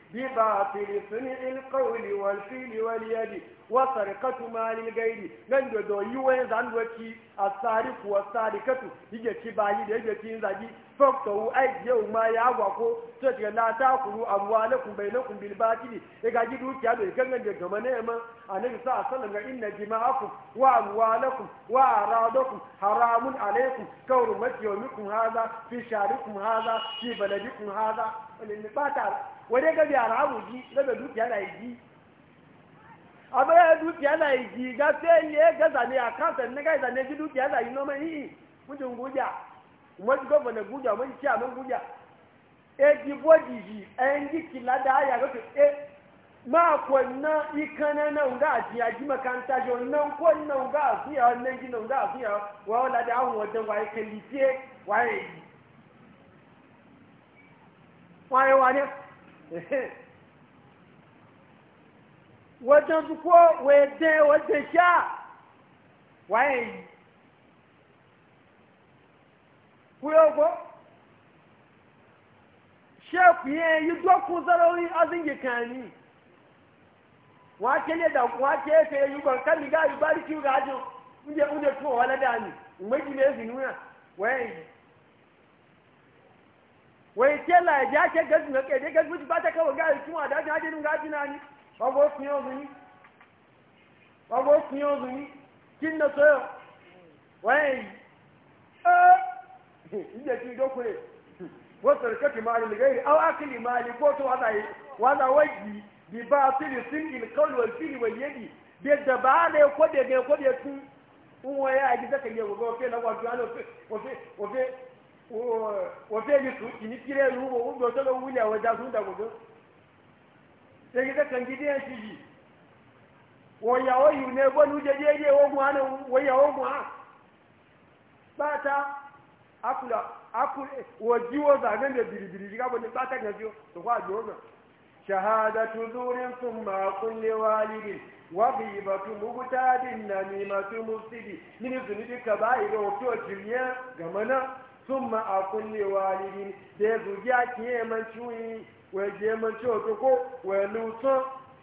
بباطل صنع القول والفعل واليد وسرقة مال الغير nan da doyi wayan zan waki asariq wa sarikatu yake ci bayi da yake cin zagi fakto ai yau ma ya gwa ko to ce la ta kuru amwalakum bainakum bil batili e ga ji dukiya da kan ganje gama ne ma annabi sa sallan ga inna jima'akum wa amwalakum wa aradakum haramun alaikum kawru mat yawmikum haza fi sharikum hadha fi baladikum hadha wal nibata wọ́n gẹ́gẹ́ bí ara àwùjí lọ́dọ̀ dúkìá náà yìí abẹ́rẹ́ dúkìá náà yìí gàtẹ́ yẹ gẹ́sà ní àkáǹtẹ̀ nígbà ìsà ní dúkìá náà yìí nọ́mọ yìí mútu tí a mọ́ gúdjà ètí bọ́dì yìí ẹ̀ńdí kìlá dá yà lọ́tọ̀ ẹ máa kọ ná ikán náà ń gá àti àjímọ̀ wajen duko wajen wajen sha waye yi kuyogo sheku yi yi dokun zarori azin yi kani wake ne da wake ya yi yugon kan ni ga yi bari kiwo ga ajin inda inda tuwa wala da ni mai gine zinu na waye yi wai ke la ya ke gazu na kai dai gazu ba ta kawo ga kin wa da ga dinu ga dinu ni ogo kun yo zuni ogo kun yo zuni kin na so wai eh inda ki do kure wa sarkati mali ligairi aw akli mali ko to wada wada waji bi batili sin il qawl wal fili wal yadi bi dabale ko de ko de tun un waya wafe ji su ni kire yi ga wuli a wajen da gudu sai gida kan gidi yi shi ji yi ne ba nu je ana ba ta akula akul waji wo da biribiri ga bane ba ta gajo to kwa jo na shahadatu zurin thumma kulli walidin wa ghibatu mubtadin namimatu mufsidi min zunubika ba'i ga wato jiriya ga mana ثم أقول لوالدين تزوجيا كي من شوي ويجي من شو تكو ولوتو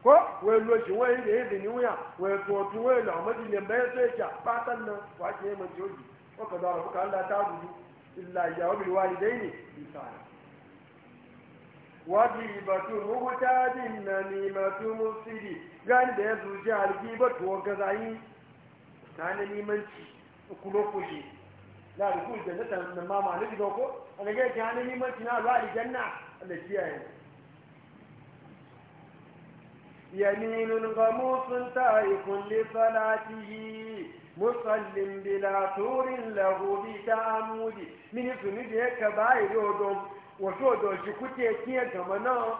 ko wai lokaci wai da ya bini wuya wai tuwatu wai na amadi ne bayan sai ya fatan nan wace ya mace oji ko ka zara kuka Allah ta gudu illa ya wa bil walidaini isana wajibatu muhtadin namimatu mufsidi gani da ya zuci alki ba tuwa gazayi ta na nimanci kulo kuje la da kuma da zata na mama na diga ko a daga yake hannun limanci na zuwa aljanna da kiyaye yaminun gamusun ta yi kulli salatihi musallin bila turin lahu ta amudi mini sunu da yake bayi dodon wato doshi kuke kiyar gama nan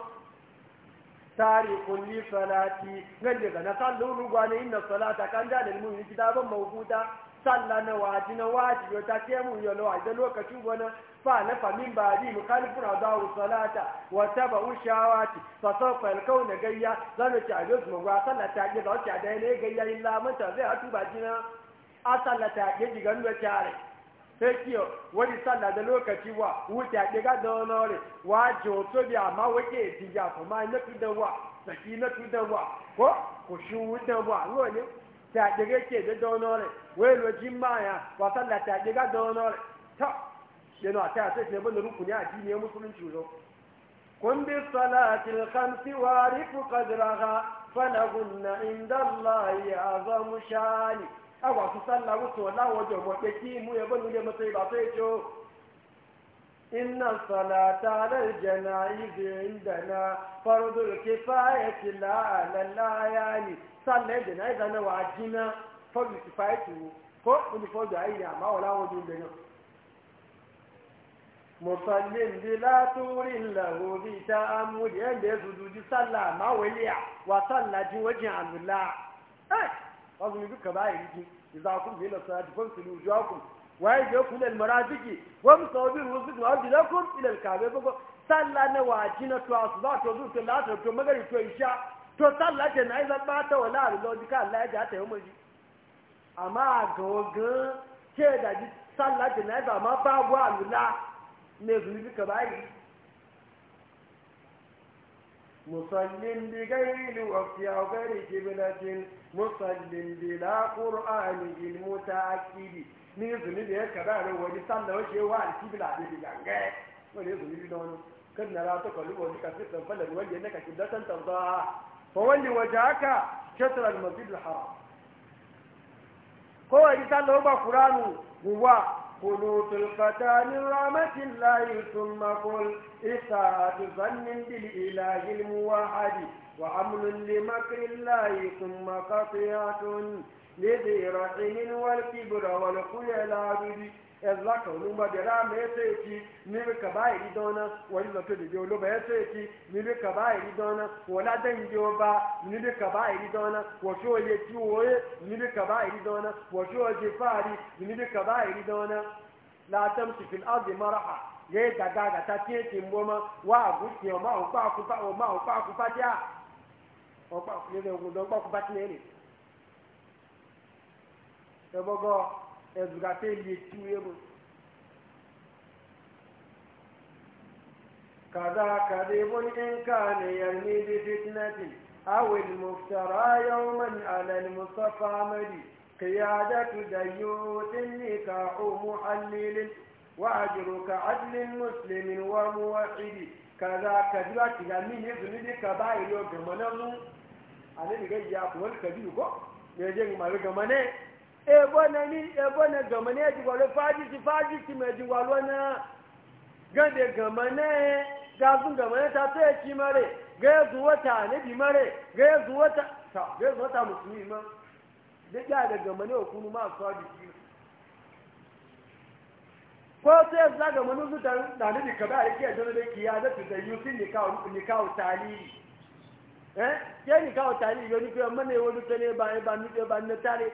tarikun li salati gan daga na kan lulu gwanin inna salata kan da da mu'mini kitaban mawquta sallah na waji na waji yo ta ce mu yo lawa da lokaci gona fa na fa min ba di mu kan fura da wu salata wa taba ushawati fa sawfa al kauna gayya zanu ci ajuz mu wa sallah ta ji zauki da ne gayya illa mata zai atu ba jina a sallah ta ji gigan tare sai kiyo wani sallah da lokaci wa wuta ke ga da wani wa joto bi amma wake ti ya fa ma na tu da wa saki na tu da wa ko ku shu da wa ruwa ne ta ke da da wani welo jimaya wa sallata diga dono ta yana ta sai ne bin rukuni addini dini musulunci zo kun bi salatil khamsi wa rifu qadraha falahunna inda allahi azamu shani agwa su sallah wuto la wajo mo pe mu ya bin ne masai ba sai jo inna salata lal janaiz indana fardul kifayati la ala layani sallah e janaiz e na wajina fọ́ọ̀lù ti fa ẹ̀tù kó olùfọ́jọ ayé àmáwọ̀ láwọn ojú ilẹ̀ náà. mùsùlùmí di látúrí ńlẹ̀rù bí i ta amúrí dúdú di sálà àmáwọ̀ à wà sálà jí wọ́n jìn àlùlá. wọ́n fún mi dúkà báyìí jí ìzàkùn mi lọ sọ́ra dùkọ́ ìsìlú ojú ọkùn wáyé jẹ́ kún lẹ́nu mọ́ra díkì wọ́n mú sọ bí rúbí wọ́n jìn lẹ́kùn ilẹ̀ kàwé gbogbo sálà náà wà jìnnà tó àṣùbà tó dùn amma gangan ke da ji sallah jana'iza amma babu alula ne zunubi ka bayi musallin bi gairi waqti aw gairi qiblatin musallin bi la qur'ani bil mutaakkid ni zunubi ya kada ne wani sallah wace wa al-qibla da gangan wani zunubi don kan na rata kallubo ni ka fitan falal wanda ne ka kiblatan tarda fa walli wajhaka shatr al-masjid al-haram kowa ita da ba kuranu guwa kulu tulkata layi sun isa zannin bil al muwahadi wa amlun li thumma layi sun makasiyatun wal kibra wal khuyala ẹ̀zá kan ló ń gbàgbé rá mẹ́tẹ́ èkì mírí kàbá èyí dáná wọ́n yìí lọ́tọ́ dèjì olóba ẹ̀tẹ́ èkì mírí kàbá èyí dáná wọ́n ládẹ́yìn jẹ́ ọba mírí kàbá èyí dáná wọ́n fi òye tí wòye mírí kàbá èyí dáná wọ́n fi òye fáàrí mírí kàbá èyí dáná látẹ́m sì fi áàdì maraha yẹ dàgá àgàtà tí èkì ń bọ́ mọ́ wá àgùsì ọmọ àwọn pàkúpá ọmọ àwọn pàkúpá díà ọgbà ezugata elie tiwe mu kaza kadhibun in kana yarmi bi fitnati aw al muftara yawman ala al mustafa madi qiyadatu ديوت nikahu محلل وأجرك عدل مسلم وموحد كذا كذا كذا من يزن دي كبائر يوم مو أنا بيجي أقول كذي يقول يجي ما يجي ebo na ni ebo na gama ne ji gwalo faji faji ji me na gande gamane ne ga sun gama ne ta tsaye ci mare ga zuwa ta ne bi mare ga ya zuwa ta ta ga zuwa ta musulmi ma da ya da gamane ne hukunu ma su faji ji ko sai za ga manu su da da ne bi kada yake da dole ki ya da da yusin ni kawo ni kawo tali eh ke ni kawo tali yo ni ko mane wani tale ba ba ni ba ne tale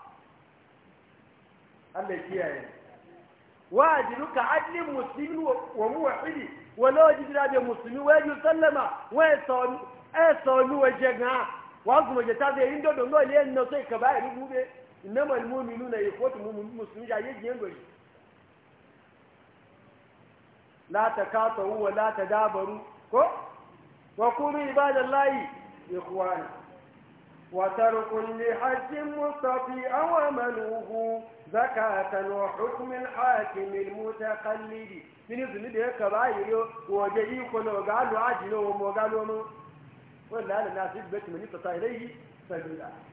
Allah ya kiyaye wa ajluka adlin muslimin wa muwahidi wa law jidra bi muslimi wa sallama wa yasalu asalu e wa jega wa kuma ta da yin dodo no le no sai ka bai rubu be inama almu'minuna yaqutu muslimin ya yi yin goji la takatu wa la tadabaru ko wa kunu ibadallahi ikhwana وترك لحج مستطيع ومنوه زكاة وحكم الحاكم المتقلد من ذنب كبائر وجيك وقالوا عجل وقالوا ولا الناس يثبت من يستطيع إليه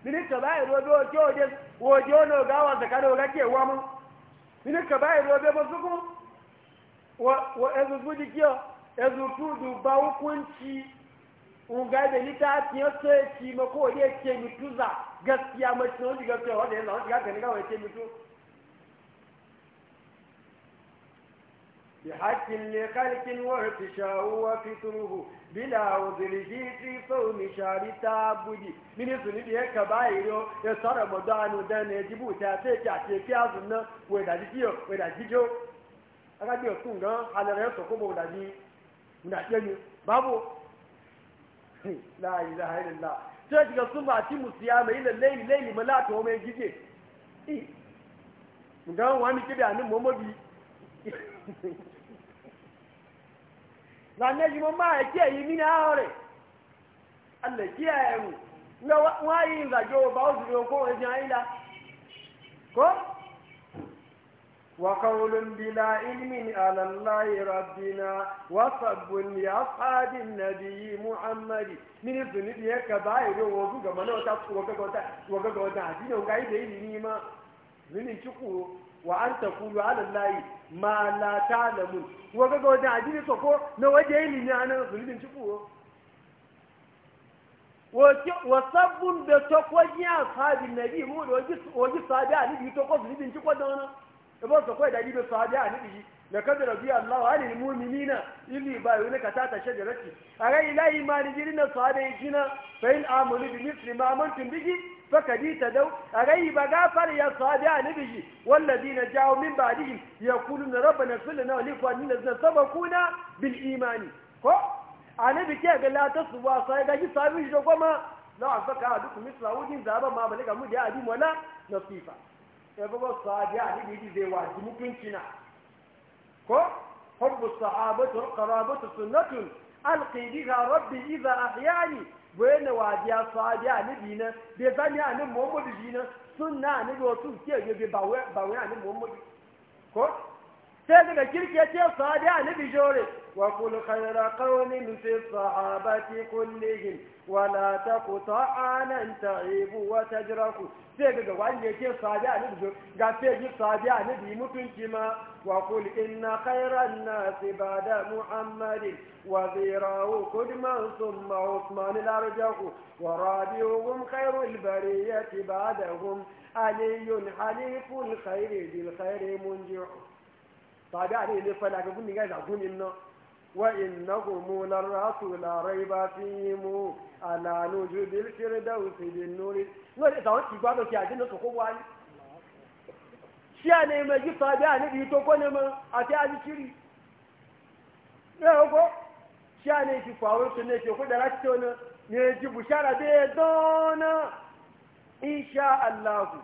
من الكبائر وجوجل وجون وقاوة زكاة وقاكي وامو من الكبائر وبيبسكم وإذا زوجك يا إذا تودوا باوكونتي un gaida littafi ya ce ki mako ya ce mutu gaskiya mace na gaskiya wanda ya zama shiga gani gawa ya ce mutu بحج لخلق واعتشاء وفطره بلا وضره في صوم شهر التعبد من يسند كبائر يسر رمضان دان يجب تاتيك اتيك اظن ويدجيو ويدجيو agadio kun gan alere so ko bo daji na jeni babu la ilaha illallah sai diga sun ba ti musiyama ila layli layli mala to me gije eh ngan wani kibi anin momobi na yi mamma ya ce yi mini na allah kiyaye mu yi zage wa ba wasu yau kowane jin aila ko wa kawulun bila ilmin alallahi rabbina wa sabbin ya fadin nabiyyi muhammadi mini zunubi ya ka bayi ne wa zuga mana wata wagaga wata wa an ta kulu ala layi ma la ta lamun wa gaga wajen addini so ko na waje yi ne ana nan zulubin ci kuwa wa sabbin da ta kwaji a sabi na bi mu da waje sabi a nibi ta kwa zulubin ci kwadon nan ibo so kwa da libe sabi a nibi da kada rabi Allah ani mu'minina illi bayu wani ka tata shajarati a ga ilahi ma ni jirina sabi jina fa in amulu bi misli ma amantum bihi فكديت دو أغيب غافر يا صادع نبي والذين جاءوا من بعدهم يقولون ربنا اغفر لنا ولإخواننا الذين سبقونا بالإيمان ko annabi ke ga la ta suba sai ga ji sabi shi goma la afaka duk misla wudin zaba ma bale ga mu da adi mola nasifa e bugo sabi ali bi di zewa ji mutunci na ko hubbu sahabatu qarabatu sunnatun alqi rabbi idha ahyani wai na wajiya sahabi annabi na bai zani annabi muhammadu ji na sunna annabi wasu ke ga ba wai annabi muhammadu ko sai daga kirke ce sahabi annabi jore وقل خير قول في الصحابة كلهم ولا تقطع أن تعيب وتجرف سيبقى وأن يجيب صادع نبجر قال سيجيب صادع نبي متنكما وقل إن خير الناس بعد محمد وزيراه قدما ثم عثمان الأرجح ورابعهم خير البرية بعدهم علي حليف الخير بالخير منجح صادع نبي فلا قبل نقاش عظيم النار وإنهم للرأس لا ريب فيهم على نجد الفردوس بالنور وإذا أنت قادوا في عجلة قوة شيئا نيما جفا بها نبي توقو نيما أتي أجي شري نيوكو شيئا نيما جفا ويسنة شوكو دراتشونا نيجب شارع بيدونا إن شاء الله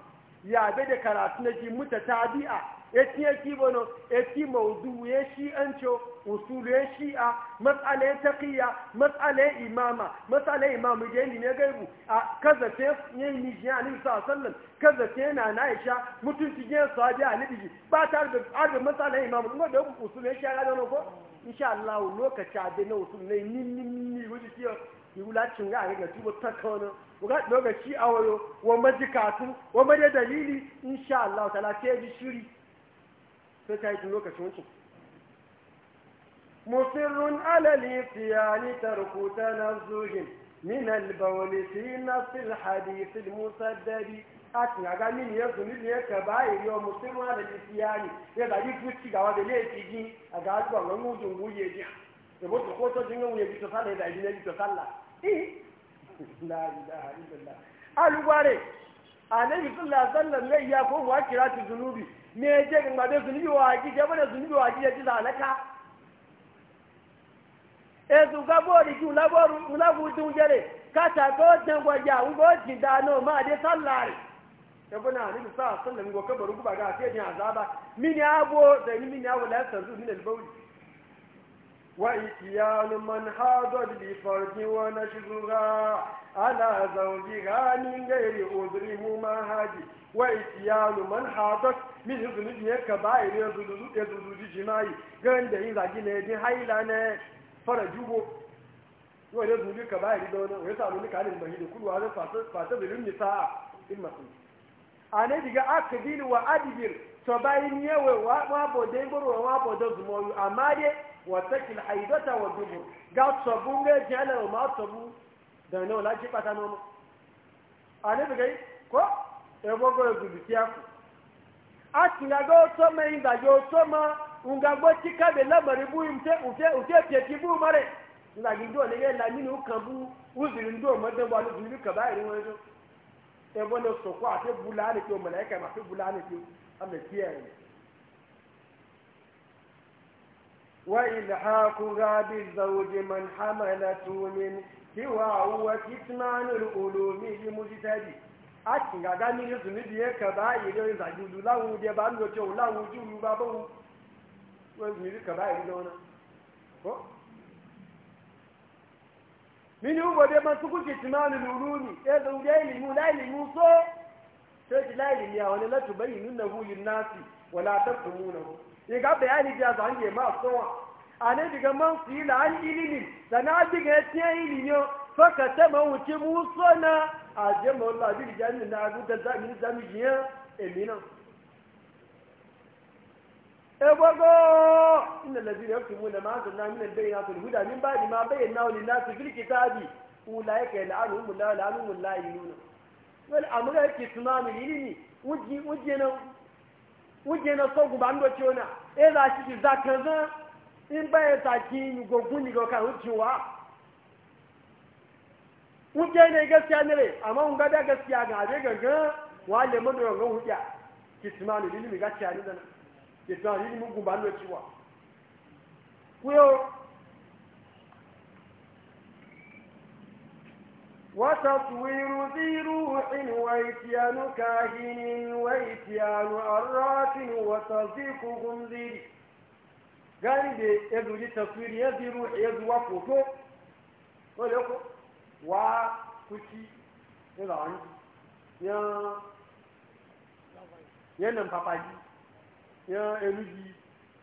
يا بيدي كراتنا جي متتابعة yaki ya kibono eti maudu ya shi an ce usulu ya shi'a matsala ya taƙiya matsala ya imama matsala ya imamu je ni ne gaibu a kaza ce ya yi nishi a nufi sa sallan kaza ce na na isha mutunci ya sa ji a nufi ba ta arba matsala ya imamu ko da usulu ya shi ya gano ko insha Allah lokaci a bai na usulu ne ni ni ni wuce ciyo ki wula a ga tuba ta kawo ga lokaci a wayo wa majikatu wa maje dalili insha Allah ta lafiya ji shiri sai ta yi tun lokacin wuce musirin alalifiyani tarkuta na zojin minal bauli fi nasir hadisil musaddari a ya zuni ka ba a iriyo musirin alalifiyani ya gari fuski ne a ga ji da mutu ko to jin ya (laughs) a ya kowa kira ta zunubi me je ga ngade zunubi wa ji je bana zunubi wa ji je zalaka e zu ga bori ju la boru la bu ju jere kata go dan gwa ja un ji da no ma de sallari e bana ni sa sallan go kabaru ku ba ga sai ni azaba min mini bo da ni min ya wala sarzu min وإتيان من حاضت بفرج ونشرها على زوجها من غير عذر مماهد وإتيان من حاضت من ذنوبها كبائر يذنوب جماعي غند إن زاجين يدين حيلان فرجوه wanda zunubi ka ba rido na wai samu ni kalin bai da kulwa da fata da rin tọba yin yewe wa wa bodo ngoro wa wa takil haidata wa dubu ga sobu nge jala ma sobu da no la ji pata no ani bi gai ko e bogo e gudu ti aku ati na go to me inda yo to ma unga go ti ka be la mari bu imte ti bu mare na gi do ne la bu ndo mo de bo bi ka ba jo e bo so ko ate Allah kiyaye wa ilhaku gabi zawji man hamalatu min kiwa huwa kitmanul ulumi li mujtadi akin gaga ni yesu ni die ka ba yi lo za julu lawu de ba lo jo lawu julu ba bo wo ni ka ba yi lo ko mini ubo de man suku kitmanul ulumi e zawji ilmu la ilmu so sai ji layi ne wani la tubayyinu nahu lin nasi wala taqtumuna ya ga bayani da zan ge ma sowa ane diga man fi la an ilimi sana diga tiyan ilimi faka ta mawuce musona a jama Allah bi jami na agu da zami zami jiya emina e bago e inna lazina yaktumuna ma anzalna min al-bayyinati wal huda min ba'di ma bayyana lin nasi fil kitabi ulaika yal'anuhum la yal'anuhum la yal'anuhum wani amurka ke tunani ilimi wuje na sogun ba ndo ciona e za shi ki zaka za in ba ya taki ni gogun ni goka wucewa wuje ne gaskiya ne amma un ga gaskiya ga be gaga wale mu da ga wuya ki tunani ilimi gaskiya ne dana ki tunani ilimi gogun ba ndo ciwa kuyo وتصوير ذي روح وإتيان كاهن وإتيان عراف وتصديقهم ذي قال دي يدو دي تصوير يدي روح يدو وفوتو ولكو وكتي إذا عندي يا يا نم باباجي يا إلوجي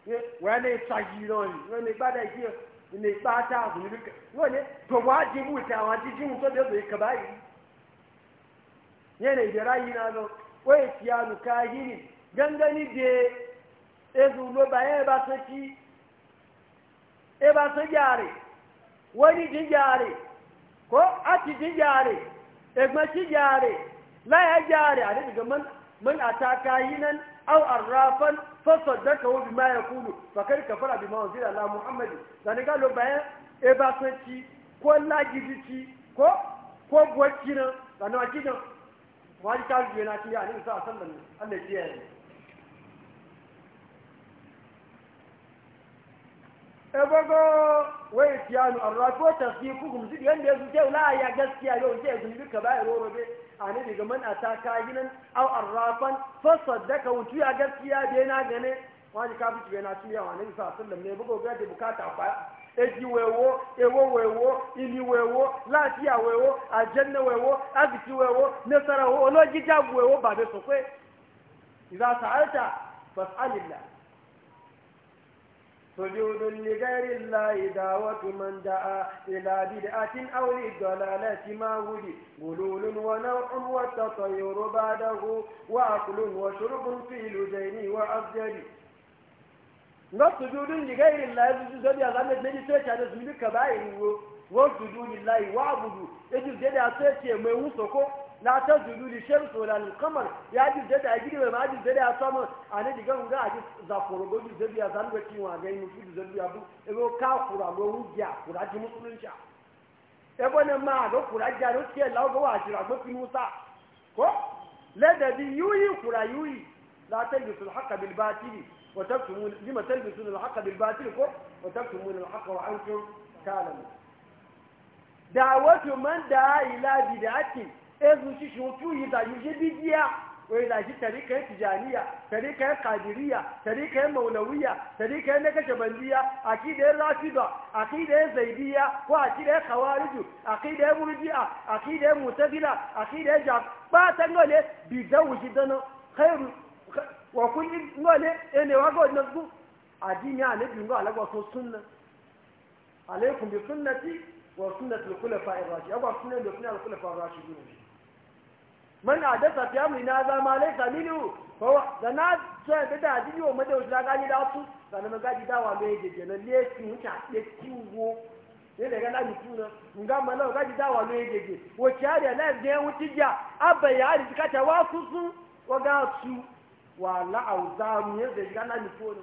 يا وانا يتساجي لوني وانا يبادأ يجيه ilé ipá tá a bùn níbi wọ́n ní gbogbo àjíwù tí àwọn ajíjíwù tó dé bèé kaba yìí yẹn lè jẹ́ra yìí náà lọ ó yẹ ti àlùkà yìí nì gángan níbi ezù ló bá yẹn bá tó kí ẹ bá tó jàre wọ́n ní jíjàre kó a ti jíjàre ẹ̀gbọ́n jíjàre láyà jàre àdébìgbọ́n mọ́n àtàkà yìí náà. أو أرافا فصدقه بما يقول فكان كفر بما أنزل على محمد ذلك قالوا بها إبا سنتي كو لا جيتي كو كو بوكينا لأنه أكيد wani ta rufe na kiyaye ne sa san nan Allah kiyaye e bago wai tiyanu arrafo tasdiqukum zidi yanda yazo ce la ya gaskiya yau ce zulubi ka bai roro be ani daga man a taka ginan au arrafan fasaddaka wutu ya gaskiya da yana gane wani kafici yana tuya wa nabi sallallahu alaihi ne bugo ga da bukata ba eji wewo ewo wewo ili wewo lafiya wewo ajanna wewo aziki wewo nasara wewo olojija wewo babe sokwe idza sa'alta fas'alillah سجود لغير الله دعوة من دعا إلى بدعة أو للضلالة ما ولي غلول ونوع والتطير بعده وأكل وشرب في لجين وأفجر na sujudun li gairi la ya zuzu zabi azamet ne ji sai ta zuzu ka bai ruwo wa sujudin lai wa abudu ya ji zai da sai ce mai wuso ko la ta zulu li shamsu wala lil qamar ya ji da da gidi ma ji da ya samu ani diga mun ga ji za foro go ji ya zan da ti wa ga mu da zabiya bu e go ka kura go ruja kura ji musulunci e bo ne ma go kura ja ro ti la go wa jira go ti musa ko la da bi yuyi kura yuyi la talbisul haqa bil batili wa taktumun lima talbisul haqa bil bilbatiri ko wa taktumun al haqa wa antum ta'lamun da'watu man da'a ila bid'atin ezu shi shutu yi da yi shi bidiya wai da shi tarikar tijaniya tarikar kadiriya tarikar maulawiya tarikar na kashe bandiya akidar rafida akidar zaidiya ko akidar kawariju akidar murji'a akidar mutazila akidar jab ba ta ngole bidawu shi dana khairu wa kun ngole ene wa go na du adinya ne bi ngo alagwa so sunna alaikum bi sunnati wa sunnati al-khulafa ar-rashidin wa sunnati al man adasa fi amrina za ma laysa minhu fa huwa dana so da da ji yo mada wuta gaji ah, da su sana ma gaji da wa me jeje na le ti wuta le ti wo le daga na mi tuna nga ma na gaji da wa me jeje wo chari na de wuti ja abba ya ri ka ta wa susu wa ga su wa la auzamu ye de ga na mi tuna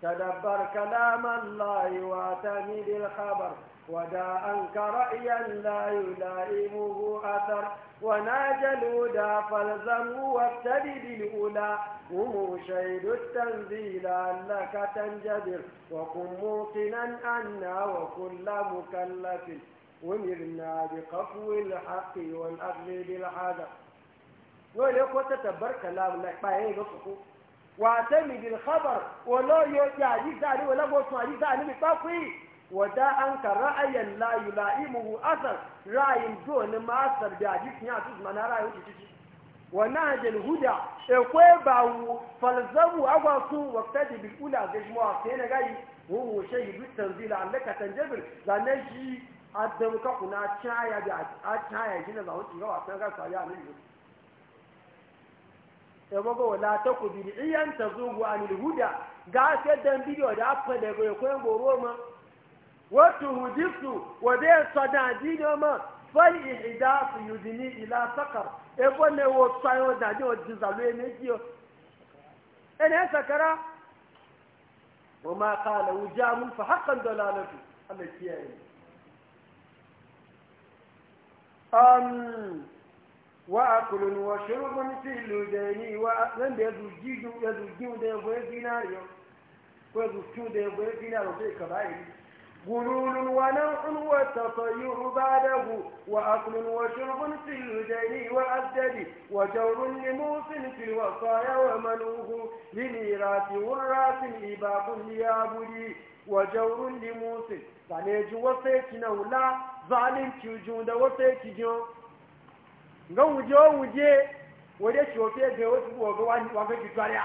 تدبر كلام الله واعتمد الخبر ودا كرأيا رأيا لا يلائمه أثر وناجى الهدى فالزموا وابتدي بالأولى هم شيد التنزيل أنك تنجبر وكن موقنا أنا وكل مكلف ومرنا بقفو الحق والأخذ بالحذر ولكن تتبر كلام لك ما نصفه واعتمد الخبر ولو يجي عزيز علي ولا بوصم عزيز علي بقفوه wada an ka ra'ayan la yula'imuhu asar ra'ayin dole ma asar da jikin ya su mana ra'ayin su ciki wa nahjal huda e kwe bawu falzabu agwa su waqtadi bil ula ga jmu'a sai na gai hu shayi bit tanzila allaka tanjabir zanan shi adam ka kuna chaya da a chaya shi na zawo ga wasan ga sai ya nuni e bago wala takubiri iyan tazugu anil huda ga sai dan bidiyo da afa da kwe goro ma وتهدف ودي صدع دين وما فالإحداث يدني إلى سكر إبن وصاي ودعدي وجزالوين نجيو أنا سكرا وما قال وجام فحقا دلالته أما كيان أم وأكل وشرب في اللدين وأن يزوجين يزوجين ديبوين ديناريو ويزوجين ديبوين ديناريو في كبائر غلول ونوع والتطير بعده وأكل وشرب في الجيل والأبدل وجور لموس في الوصايا ومنوه لميراث وراث إباق ليابلي وجور لموس فنيج وصيك نولا ظالم تجود وسيك جو ngau jo wuje wode shofe ga wasu gogo wani wa ga ki tsariya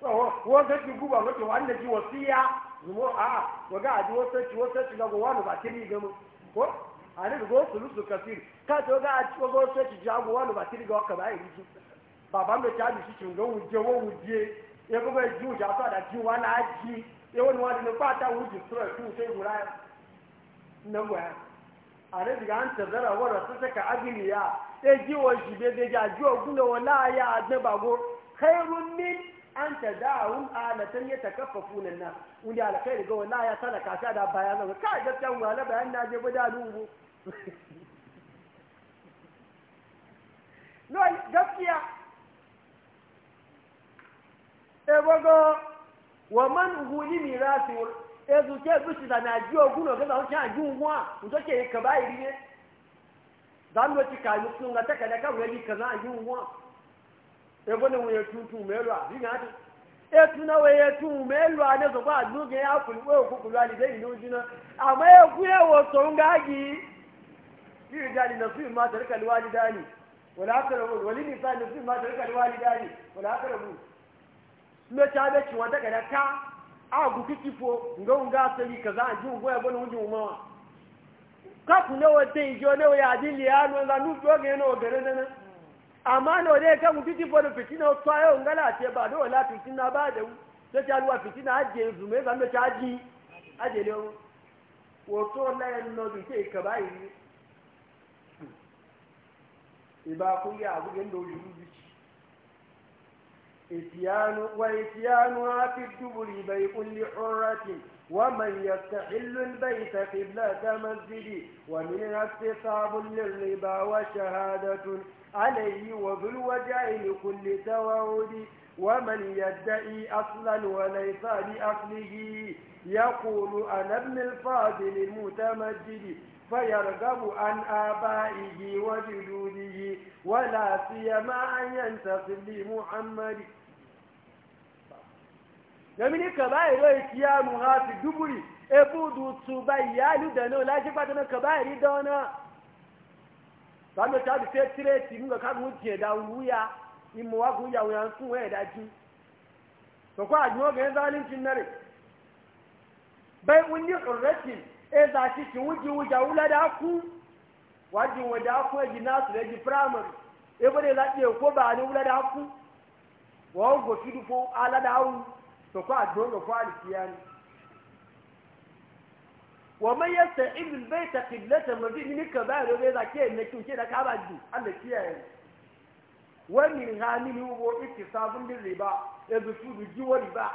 so wo ga ki guba wato wannan ji wasiya zumo a ah, waga a ji wasu ci wasu ci ga gowa ba tiri ga mu ko a ne ga wasu lusu kafir ka ce waga a ci waga wasu ci ja gowa ba tiri ga waka ba yi ji baba mai ta ji cikin ga wuje wo wuje ya kuma ya ji wuje a sa da ji wa na ji ya wani wani na ba ta wuje sura ku sai gura nan waya a ne daga an tazara wa rasu saka agiliya ya ji wa shi bai da ji wa gune wa la ya adnabago khairun min an ta da'ahum alatan yatakaffafuna an-nas wanda alkhairi ga wallahi ya talaka ta da bayanan ka ga tan wala bayan na je bada lungu no gaskiya e bogo wa man huli mirasi e zuke bishi da na ji ogun ga da ta ji unwa to ke ka bai ne dan do ti ka yi sun ga ta kada ka wuri kaza ji unwa ebo ne wuye tutu melo a bi ngati e tuna wuye tu melo a ne so kwa duge ya kuli wo ku kulu ali de inu jina ama e ku e wo so ngaji bi jali na fi ma tarka liwalidani wala akra wali ni fa ni fi ma tarka liwalidani wala akra bu me ta be ki wanda kada ka a gu kikifo nga nga sai kaza an ji ngo e bo ne unju ma ka ku ne wo te ijo ne wo ya di li anu nga nu joge no gere na amma na wadai kan fiti folo fitina to ayo ngala ce ba do wala fitina ba da to ta ruwa fitina aje zume zan da caji aje le wo to la yan no bi sai ka bai iba ku ya abu gen do yi bi isyanu wa isyanu fi duburi bai kulli urratin ومن يستحل البيت قبلة مسجدي ومنها استثاب للربا وشهادة عليه وفي الوجع لكل توعد ومن يدعي أصلا وليس لأصله يقول أنا ابن الفاضل متمجد فيرغب عن آبائه وجدوده ولا سيما أن ينتصر لمحمد domin ka báyìí ló ìkíyà mùhàtì dúbùrì ebúdù tùbà ìyálù dẹ̀nà láti pàtàkì ka báyìí dánà bàmí tí a ti fẹ́ tirẹ̀tì nígbà káàkiri jìn ẹ̀dá wúya ìmọ̀ wá kúnyà wúya ń fún ẹ̀dá jí tọ́kọ́ àdúgbò gẹ̀ẹ́ zálí ti nẹ́rẹ̀ bẹ́ẹ̀ wọ́n ní ọ̀rẹ́tì da ti ti wúji wúja wúlẹ̀ dá da wájú wọn dá kú ẹ̀jì náà sọ̀rọ̀ ẹ̀jì pírámàrì ebile láti èkó bá a ní ala ومن يستعيد البيت قبلة مزيد من الكبائر وبيضا كيه نكيو كيه لك عبد أنا ومن غامل هو اتصاب بالربا يبسود جوا ربا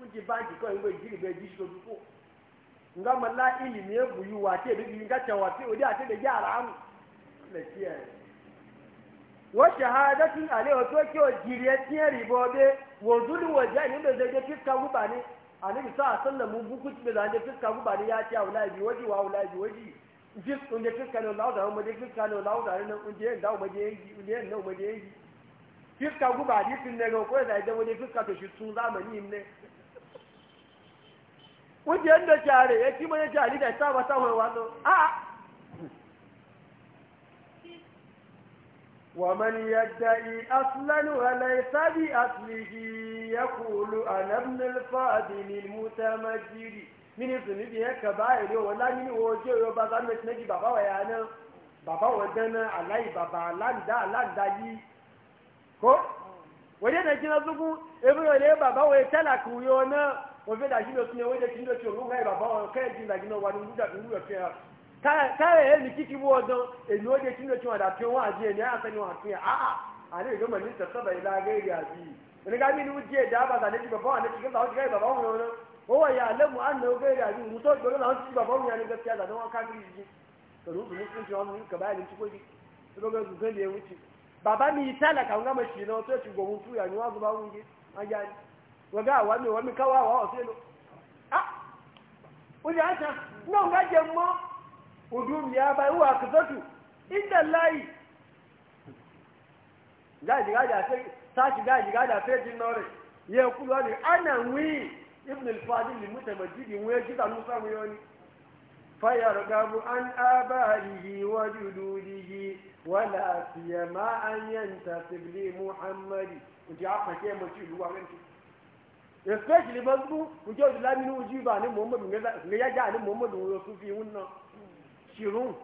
kunci banki kawai bai jiri bai ji shiga duko nga malla ilimi ya buyu wace da nga ta wace odi ya annabi sa sallan mun buku ci da ne fiska ku ba ya ci wala bi waji wa wala bi waji jis kun da fiska ne lawo da mu da fiska ne lawo da ne kun je da mu je yi ne ne mu je yi fiska ku ba ni tin ne ga ko da da mu da fiska to shi sun zamani ne kun je da jare ya ci mu da jari da sa ba sa wa wa a ومن يدعي أصلا وليس بأصله يقول أنا ابن الفاضل المتمجد من يسمي بها كبائر ولا من وجه يبقى نجي بابا ويانا bàbá wọn dáná aláì bàbá aláǹdá aláǹdá yìí kó wòye nàìjíríà sókún ebúrò ilé bàbá wọn ìtẹ́là kù yọ náà wọn fẹ́ dàjú lọ sí ẹ wọ́n jẹ́ kí n lọ sí òun láì bàbá wọn kẹ́ẹ̀dì ìlàjì náà wà ní wúdà tó ń wúdà fẹ́ kare ya liki kibu wajen emi oge kin da cewa da fiye wa ajiye ne ya sani a fiye a'a a ne ga malin saba ila a biyu wani gami ni wuce da ba zane ji babban ya alamu an na gairi a biyu mutu ɗorin zawon cikin babban wani ne gaskiya zanen wa kafin jiki ka rubu musulunci wani mun ka bayanin ci kwaji su ya tala ka na wato ujum ya bai wa kazatu inda layi gaji gaji a sai sashi gaji gaji a sai jin nore ya kulu ne ana wi ibn al-fadil li mutamajjidi wa jita musa mu yoni fa yargabu an abarihi wa jududihi wala siyama an yantasib li muhammadi kuji aka ke mu ci ruwa ganci especially bazbu kuji laminu ujiba ne muhammadu ne ya ja ne muhammadu yo sufi wunna shirun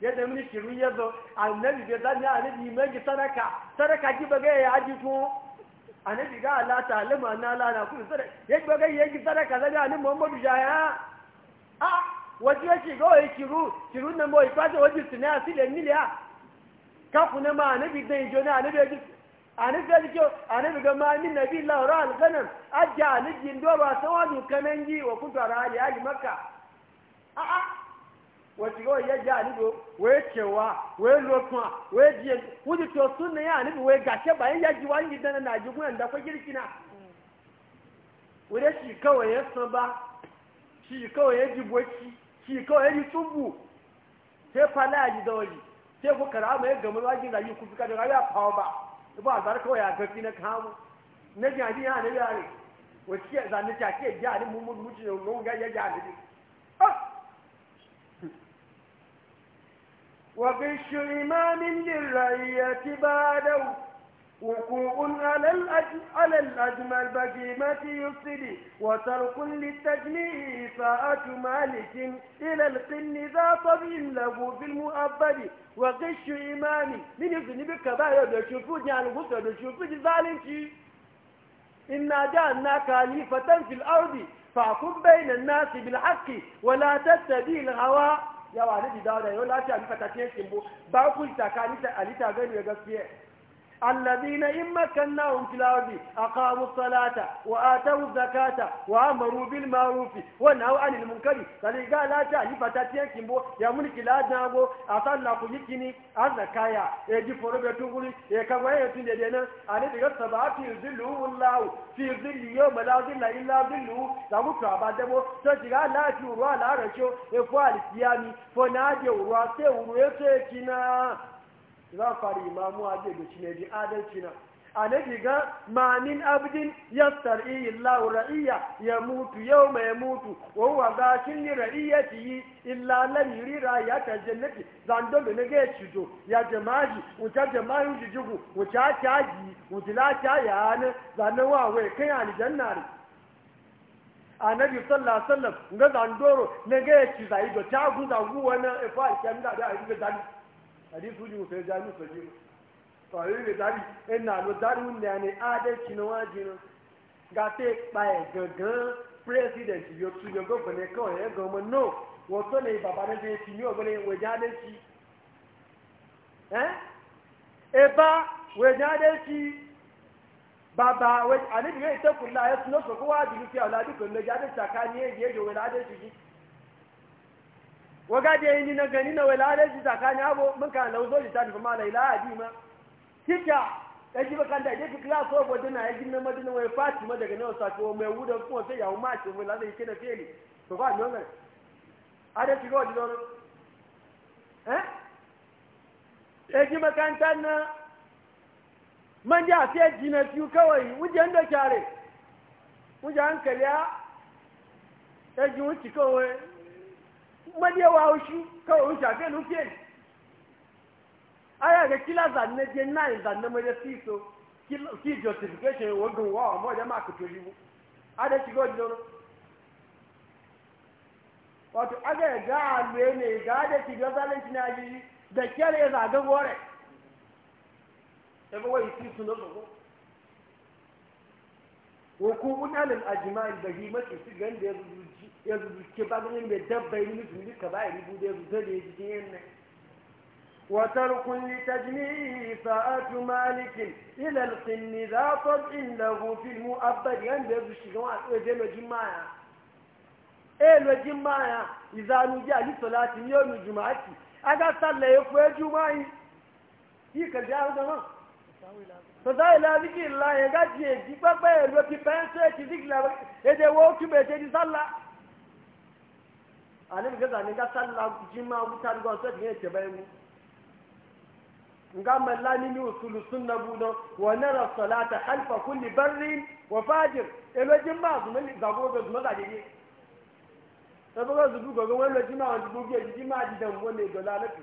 yadda mini shirun ya zo annabi bai zanya annabi mai ji sadaka sadaka ji baga ya aji ko annabi ga Allah ta alima na Allah na kullu sadaka ya ji baga ya ji sadaka zanya annabi Muhammadu jaya a waje shi ga wai shiru shirun nan boy kwaje waje sunna asile miliya ka kuna ma annabi dai jo na annabi ji annabi ya ji annabi ga ma min nabi Allah ra al-ghanam ajja alijin do ba sawadu kanangi wa kuntu ra ali makka a a wacce wai ya ji alibi wai cewa a lokuma wai jiye wuce to sun na ya alibi wai bayan ya ji wani gidan na ji ndakwa da kwa girkina wadda shi kawai ya san ba shi kawai ya ji boki shi kawai ya ji tsubu sai fala ya ji dawali sai ku kara mai gamar wajen rayu ya fawo ba a ya adị ya ya ji وغش إمام للرعية بعده وقوع على الأجمل, على الأجمل بقيمة يفسد وترك للتجميع إساءة مالك إلى القن ذا طبيع له في المؤبد وغش إمام من يذنب بكبايا بشوفو يعني غصة جزالين شيء إنا جعلناك خليفة في الأرض فاحكم بين الناس بالحق ولا تتبع الهوى yawa ne bi dawo da yau lafiya bi fatake kin bo ba ku ta ka ni ta alita gani ga gaskiya الذين إن مكناهم في الأرض أقاموا الصلاة وآتوا الزكاة وأمروا بالمعروف ونهوا عن المنكر قال لا تعي فتاتين كيمبو يا ملك لا جابو أصلا كنيكني الزكاة يجي فرب يتقول يكما يتند لنا أنا بقول سبعة في ظله الله في ظل يوم لا ظل إلا ظله لابو كعبا دمو تجي لا توروا لا رشو إفوال سيامي فنادي وروا سيوروا يتكنا za fara imamu a da shi ne bi adalci na a na giga ma min abdin yastar illa ra'iya ya mutu yau mai mutu wa huwa gashin ni ra'iyati illa lam yuri ta jannati zando ne ga cido ya jama'i wuce jama'i wuce uta taji wuce ta yana zanna wa wai kai a na bi sallah sallah ga zandoro ne ga ci zai da ta guza guwa na ifa kyan da da zandoro hadithu ji mutai jami sajiru tọ̀rí rẹ̀ dárí ẹnà àlọ́ dárí ní àná adẹ́kì ni wọ́n á jiná gàtẹ́ pa ẹ̀ gangan pírẹ́sidẹ̀ntì yóò tún yọ gómìnà kan ẹ̀ gan ọmọ náà wọ́n tó lè bàbá náà bẹ́ẹ̀ ti ní ọ̀gbẹ́ni wẹ̀jẹ̀ adẹ́kì ẹ́ ẹ̀bá wẹ̀jẹ̀ adẹ́kì bàbá àdébìyẹ ìtẹ́kùnlá ẹ̀sùn lọ́sọ̀kọ́ wá àdìlú fi àwọn adìgbò lẹ́jẹ̀ adẹ́kì waga da yi na gani na wai lalaci tsakani abu mun ka lauzo da tafi ma laila abi ma kika da ji bakan da yake kila so go dana yi na madina wai fatima daga nan sa ko mai wuda ko sai ya ma ce wai lalaci kina feli to ba non ga ada ti go don eh da ji bakan tan na man ja sai jina tiyu kawai wujen da kare wujen hankali ya ta ji wuci kawai madewa haushi kawai wuce shafe nuke ne aya ga kila zanne je nine zanne mai da fiso ki justification wagon wa amma da ma ka tori mu ada shigo jono wato aga ga alwe ne ga da shigo zalunci na ji da kyare ya zaga gore ebe wai fiso na gogo hukumun alal ajma'i bahimatu su ganda ya zuci yanzu ke baganin mai dabba yi mutum duka ba yi bude su zai da ya jikin yin nan watar kulli tajmi sa'atu malikin ila alqin za tabin lahu fil mu'abbad yan da su shiga wa tsaye da lojin maya eh lojin maya izanu ji ali salati yawmi juma'ati aga salla ya fuye juma'i yi ka ja da ma sọ̀dá ilẹ̀ àdìgì ńlá yẹn gájì èjì pẹ́pẹ́ èlò ti pẹ́ńsẹ̀ ti dìgìlà èdè wo kí bèjì ní sálà ani ga zane ga salla jima wuta ga so ne ce bayan nga malla ni ni usulu sunna budo wa nara salata halfa kulli barrin wa fajir e be jima zuma ni zago ga zuma da dide ta ba zu dugo ga wala jima wa dugo ga jima di dan wone do lalati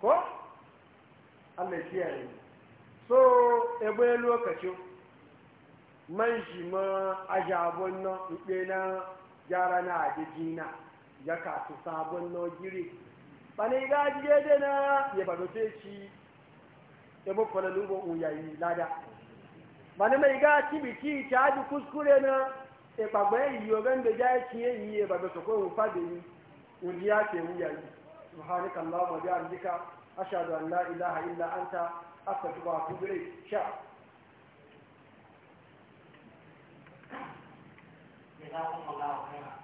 ko Allah ya yi so e be lokacin man shi ma ajabon nan ibe na jara na ajijina ya kasu sabon nogiri bane ga jiye na e ya ba ce ci ya bukwana lubo uyayi lada bane mai ga cibiki ta haji kuskure na ìpàgbẹ́ e yi ọ̀rẹ́ ń gbèjà ẹ̀kí èyí ìbàgbẹ́sọ̀kọ́ òun fàdé yìí òní àti èwú yà yìí subhanaka allahumma bi Jika, Ashadu an la ilaha illa anta astaghfiruka wa atubu ilayk sha jazakumullahu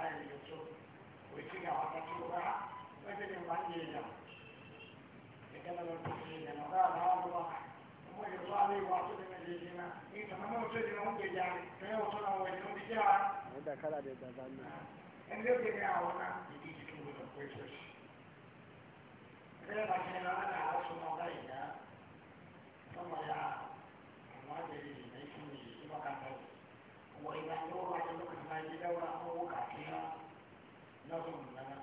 القرآن المنشور ويتجع وتكيب مع مثل المعنية يتكلم المسلمين وقال هذا الوقت إن لو جميع وإذا دور عندك المال دورة أو وقع فيها نظم لنا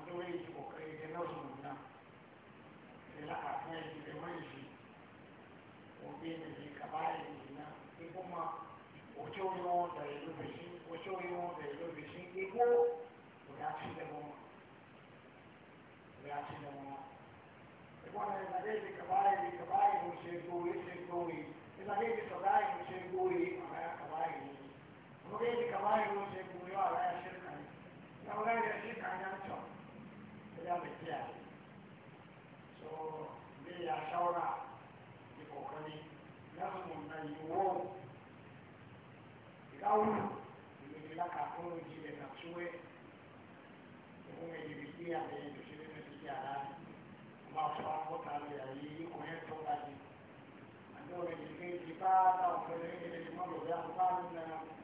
أنظر إيش وكيف نظم لنا لا أثناء بمنشي وبين الكبائر لنا إكما وشويون دايلو بشين وشويون دايلو بشين إكو ويأتي لهم ويأتي لهم Agora, na vez de cabai, de cabai, não chegou, ele chegou, e na vez de cabai, não chegou, e وكيف كبائر وجه بويا لا يشرك لا ولا يشرك عن نفسه ولا بكيا so bí a ṣàwọ́ra ìkọ̀kan ni lẹ́sùn náà ìwọ́ ìdáwùlù ìgbèjì lákàtún ìjìnlẹ̀ nàṣúwẹ́ ìwọ́n ìdìbò sí àlẹ́ ìdòṣèlú ní ti àrá ọba fún akọ́ta lè ayé ìkọ̀yẹ́ tó bá di àjọ ìdìbò ìdìbò bá táwọn fẹ́rẹ́ ìdìbò mọ́lọ́dẹ́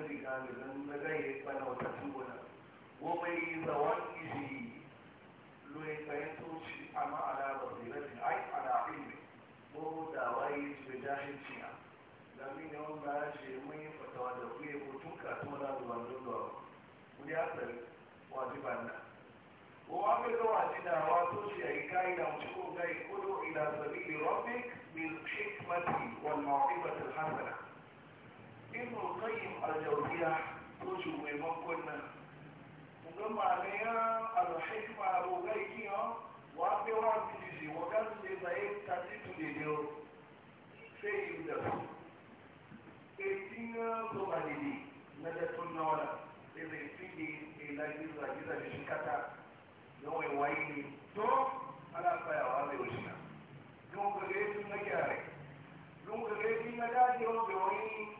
kanji ɗalibin na zai kana wata tubuna ko mai da wani izi lori kayan toci a ma'ala ba zai rafi ai a da ilmi ko da wayi da jahin ciya da min yawon da ya ce mun yi fatawa da kuye ko tun kasuwa na da wanzu da wani ya tsari wajiban na ko bai da wajen da hawa toci a kayi da mutu ko gai kudu ila sabi da rubik bil shekmati wal ma'aibatul hasana ابن القيم الجوزية وجهه مقلنا وقام عليها الحكمة الرغيكية وعبي وعد بجيزي وقال لزايد تاتيتو ديو في يودس ايتينا زغاليدي ندتو النولا إذا يفيدي إلى جزا جزا بشكتا يوم يوعيني تو على فيا وعلي وشنا يوم قريب نجاري يوم قريب نجاري يوم بيوعيني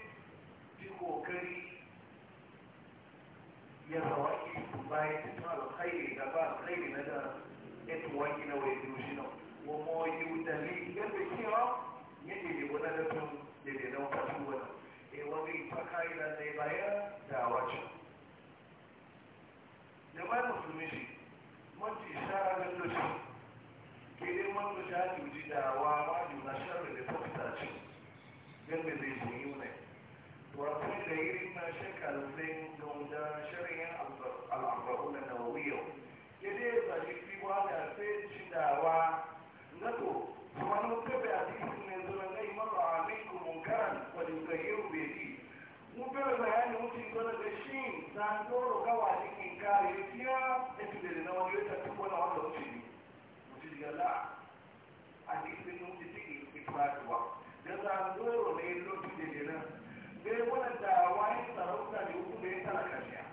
kokari ya zawaki bayan ta alkhairi da ba alkhairi na da ya tuwaki na wai biyu shi nan wa mo yi da ya fi cewa ya ne da wani da tun da da nan fasu wani e wani ta kai da zai bayan da wace da ba musulmi mishi mace shara da lokaci ke dai ta juji da wa ba juna shara da ta fita ce yadda zai zai yi wani وكل يرمى شكل زين دون شرعي الأربعون النووية يدي فجيكي وانا سيد شداوا نتو ومن كبه حديث من ذلك مر عليكم منكرا وليغير بيدي مبر بيان يعني ممكن كل شيء ساندورو كوا عليك انكار يتيا اتدري نو يتا تكون وانا وشيدي وشيدي لا حديث من ممكن تيجي اتفاق وقت ده ساندورو ليه لو sai wadanda wani sarauta da uku da ya talaka shiya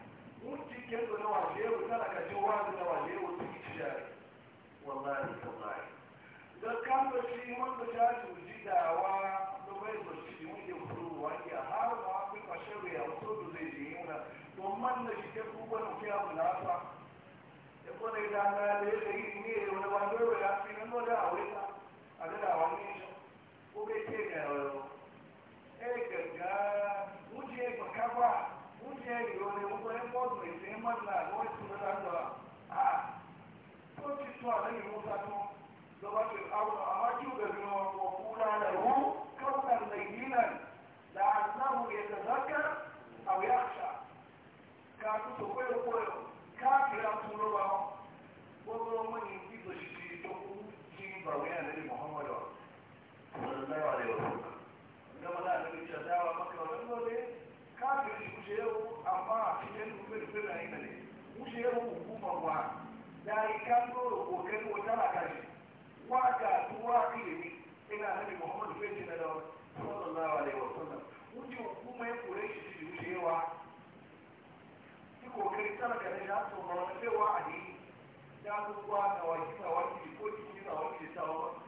mun cikin su na waje yau talaka shi wani na waje yau su ci jari wallahi tallahi da kan da shi wanda ta tuji dawa da bai da shi mun yi furu wani har ma kun kashe da ya so da zai je yuna domin da shi ke kuma na kiya mu lafa ya ko ne da na da ya yi ne wani wani wani ya fi nan da a wai ta a da wani ko bai ke ga gaggawa wuce makaba wuce yore wani kwazo ya sai mata wani su da zuwa a ko ci tuwa da yi musa to da ba su abu a maki da zuwa ko kula da hu kaunar laifinan da annahu ya tazarka a yaksha ka su su koyo koyo ka kira turo ba ko mani gizo shi to ku ci ba wani da muhammadu sallallahu alaihi wasallam gama da dawa maka wani dole kafin shi amma shi yan kuma rufe na yin ne kushe hukumar wa da yi kan dole kokarin wata na kashi waka tuwa ilimi ina nabi muhammadu fesi na dawa sallallahu alaihi wasallam wuce hukumar kure shi shi kushe yawa ki tsara ka na shafi ma wani cewa a ne ya zuwa na wajen na wajen ko cikin na wajen ta wani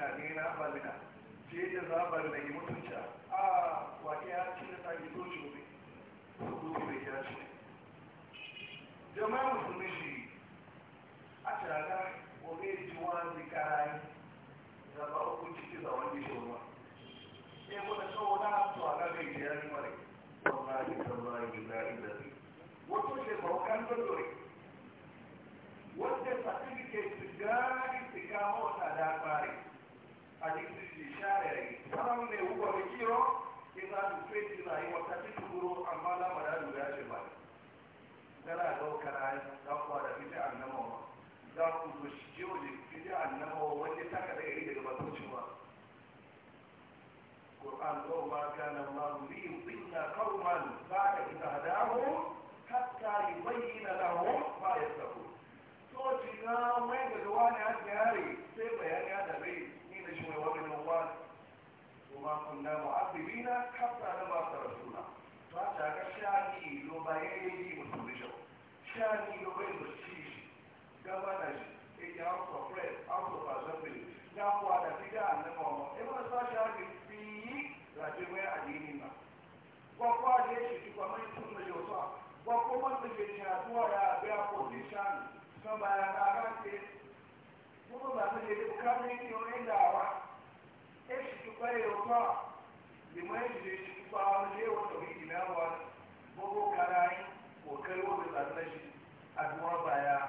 na ne na balina ce da zabar da yi mutunta a wake ya ce da ta gizo shi ne rubutu da ya ce jama'a musulmi shi a tara wani jiwa zikarai da ba uku ciki da wani shirma ne eh, kuma kawo na to a gagai da ya rimare wallahi tallahi billahi lalli wato shi baukan dole wanda certificate gari su kamo da labari adiksi shisharari sanan ne uba da kiro in za su feti na yi wata cikin guro amma lamara ya shi ba tana daukara ta kwa da fita annama ma za ku zo shi jiwo da fita annama wanda ta kada iri daga batoci ba قرآن وما كان الله ليضل قوما بعد إذ هداهم حتى يبين لهم ما يتقون. توجي لا wani جواني هالجاري sai يا جانا بيه يشوي وابن وقال وما كنا معذبين حتى نبعث رسولا فاتا كشاني لو بايدي مسلمشو شاني لو بايدي مسلمشي governors in the house of prayer house of assembly na kuwa da fida annaba wa ebe da sashi haka fi yi rajewar addini na kwakwa da ya shi kwa mai tun da yau sa Mungu amekuja kukamili yoenda wa. Yesu tukaye opa. Limwenzi Yesu kwa leo ndio hii na wa. Mungu karai wakati wa kutanaji adwa baya.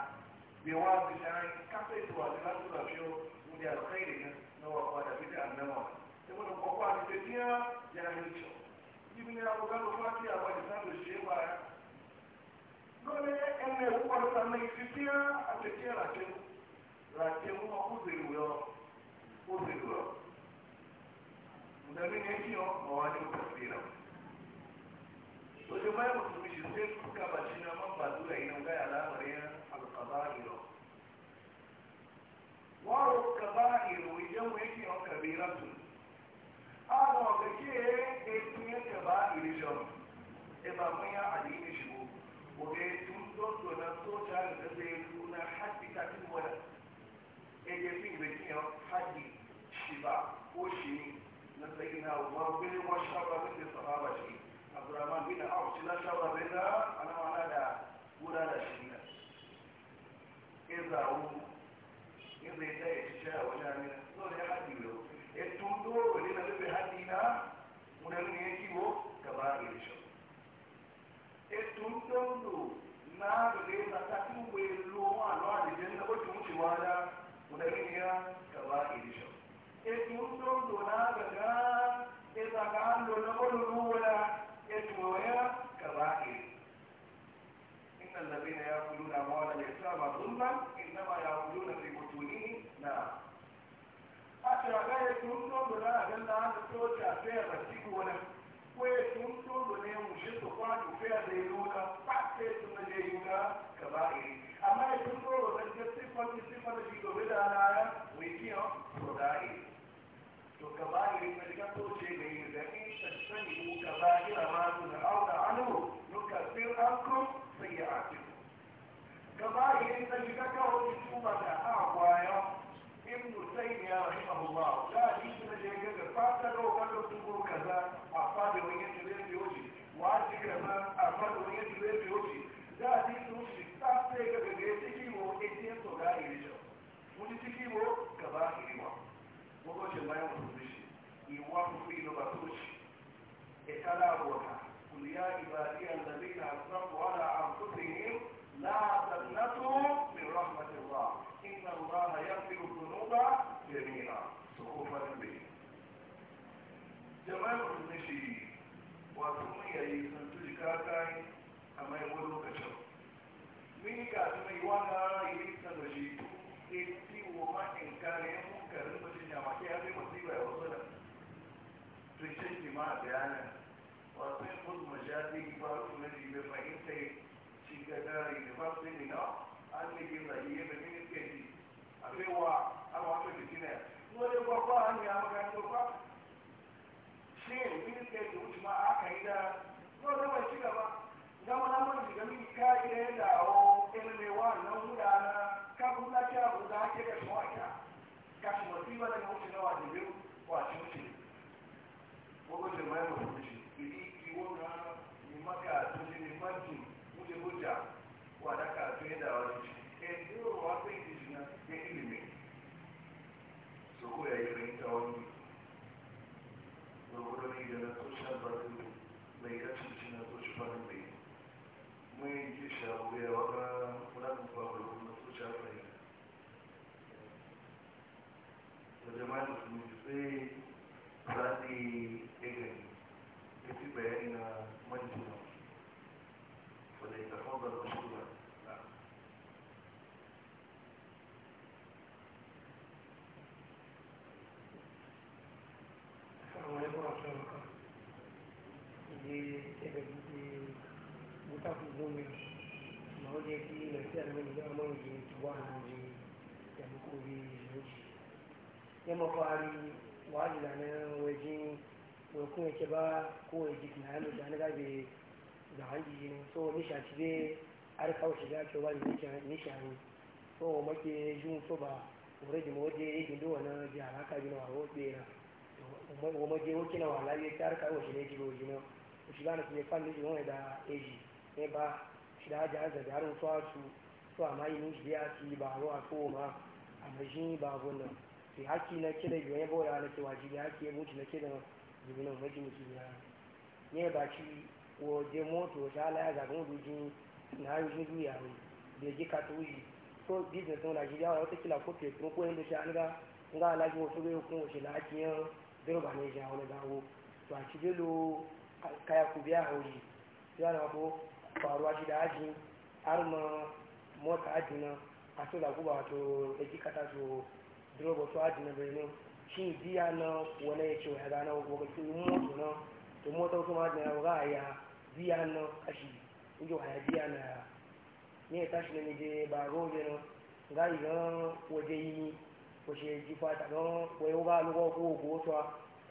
Biwazi tani kafe tu adala tu leo ndio alkhairi na wa kwa David anamwa. Sema kwa kwa kutetea jana hicho. Ibn Abu Bakr Fati abadisando sheba. Ngone ene kwa sana ikifia atetea la chenu rakia uma kuziliwa kuziliwa mdhamini hiyo mawani utasira sojoma ya mutumishi setu kama china mambadura inaungaya alama ya alkabairo wao kabairo ijamu hiki ya kabiratu ama wakakie etuye kabairo jamu eba mwya aliini shibu wakaye tumdo tona socha ngaselu na hati katimu wana ege fi ìwé kíyàn hajji ṣìbà ó ṣì ní na sayi na umar bin wa shaba bin da sahaba shi abdurrahman bin auf shi na shaba bin da ana mana da wura da shi na eza wu eza ita ya ci shaya wajen so ne hajji yau ya tuto wani na rufe hajji ne ya kiwo gaba da na rufe na tafi welo a lawa da jan una idea que va a ir yo. Es un tronco nada atrás, es sacando la voluntad, es una a ir. En el lápiz de Aguluna Mora y Estaba Dumba, en la Mara Aguluna Tributuní, nada. Hasta acá es un tronco nada atrás, es la antorcha, kwe tuntondo ne musheto kwani fea da yunga pate tuna ne yunga kabairi amma ya tuntondo da ke sifar ki sifar da shigo bida na ya wikiyo kodai to kabairi na jika to ce ga yi da in shattani ku kabairi a mazu da auda anu nuka sir ankun sai ya ake kabairi na jika kawo ki tuba da agwayon ابن تيمية رحمه الله لا يمكن أن يجد حتى لو قالوا تقول كذا أفاد ويجد غير بيوجي وعاد كذا أفاد ويجد غير بيوجي لا يمكن أن تحتاج بغيرتك وإتيان صغاري رجل ونتكي وكباري رجل وقال الله يوم تبشي يوافق في نبطوش اتلا بوكا قل يا عبادي الذين أسرفوا على أنفسهم لا تنسوا من رحمة الله إن الله يغفر الذنوب جميعا صحوفا به جماعة المشي وأتمنى يسنتج كاكاي أما يقول لك شو من كاتم يوانا يسنتج إنتي وما إن كان يمكن كرم بشي جامعة هذه مصيبة وصلت تشتي ما بيانا وأتمنى مجاتي فارو نجيب فإنتي shagari da ba su yi na an ne ke zai yi da mini keji a sai wa an wa ta jiki ne wani gwagwa an ya maka to ba shi mini keji wuce ma aka yi da wani mai ci gaba na wani mai shiga mini kayi da ya dawo ilmewa na wudana kafin lafiya guda ake da shi wata kafin wasiwa da wuce na wajibi wace wuce gbogbo jama'a mai wuce ili kiwo na maka to ne mai ce wana wa da karatu ya dawa da shi e duro wa sai ji wàhálì ẹ̀mọ́kòrí ìlújì ẹ̀mọ́kọ̀ọ́rí wàhálì lànà wẹ̀jìn wẹ̀kún ẹ̀kẹ́ bá kó ẹ̀jìkì náà ló dáná gábé zàwájì yìí so níṣà ti dé arkawa shiga wani nisha ne so make jun so ba wuri da mawaje ya gindu wani jihar haka gina wa roƙe na wa maje wakina wa lafiya ta arkawa shi ne jiro jina shi ba na fiye fan da jihon da eji ne ba shi da hajji hanzar da harin su so amma yi nushi ya ci ba ro a ko ma a majin ba gona si haki na kida yi wani bawa na ke wajibi haki ya mutu na kida jibi na maji mutu ya ne ba ci wo je moto ta ala ya zaga mutu jin na yi du ya ne da ji ka tuji so business na najeriya wata kila ko ke tun ko yadda shi an ga nga alaji wasu bai kun wasu na haki yan dirba ne ja wani dawo to a ci belo kaya ku biya hauri sai ana ko faruwa shi da hajji har ma mota adina a to da guba wato da kika ta to drobo to adina bai ne shin biya na wani ya ce wa yaga na gobe kin moto na to mota kuma adina ya ga ya na kashi injo ha biya na ne ta shi ne je ba roje na ga idan waje yi ko a ji fata don wayo ga lugo ko go to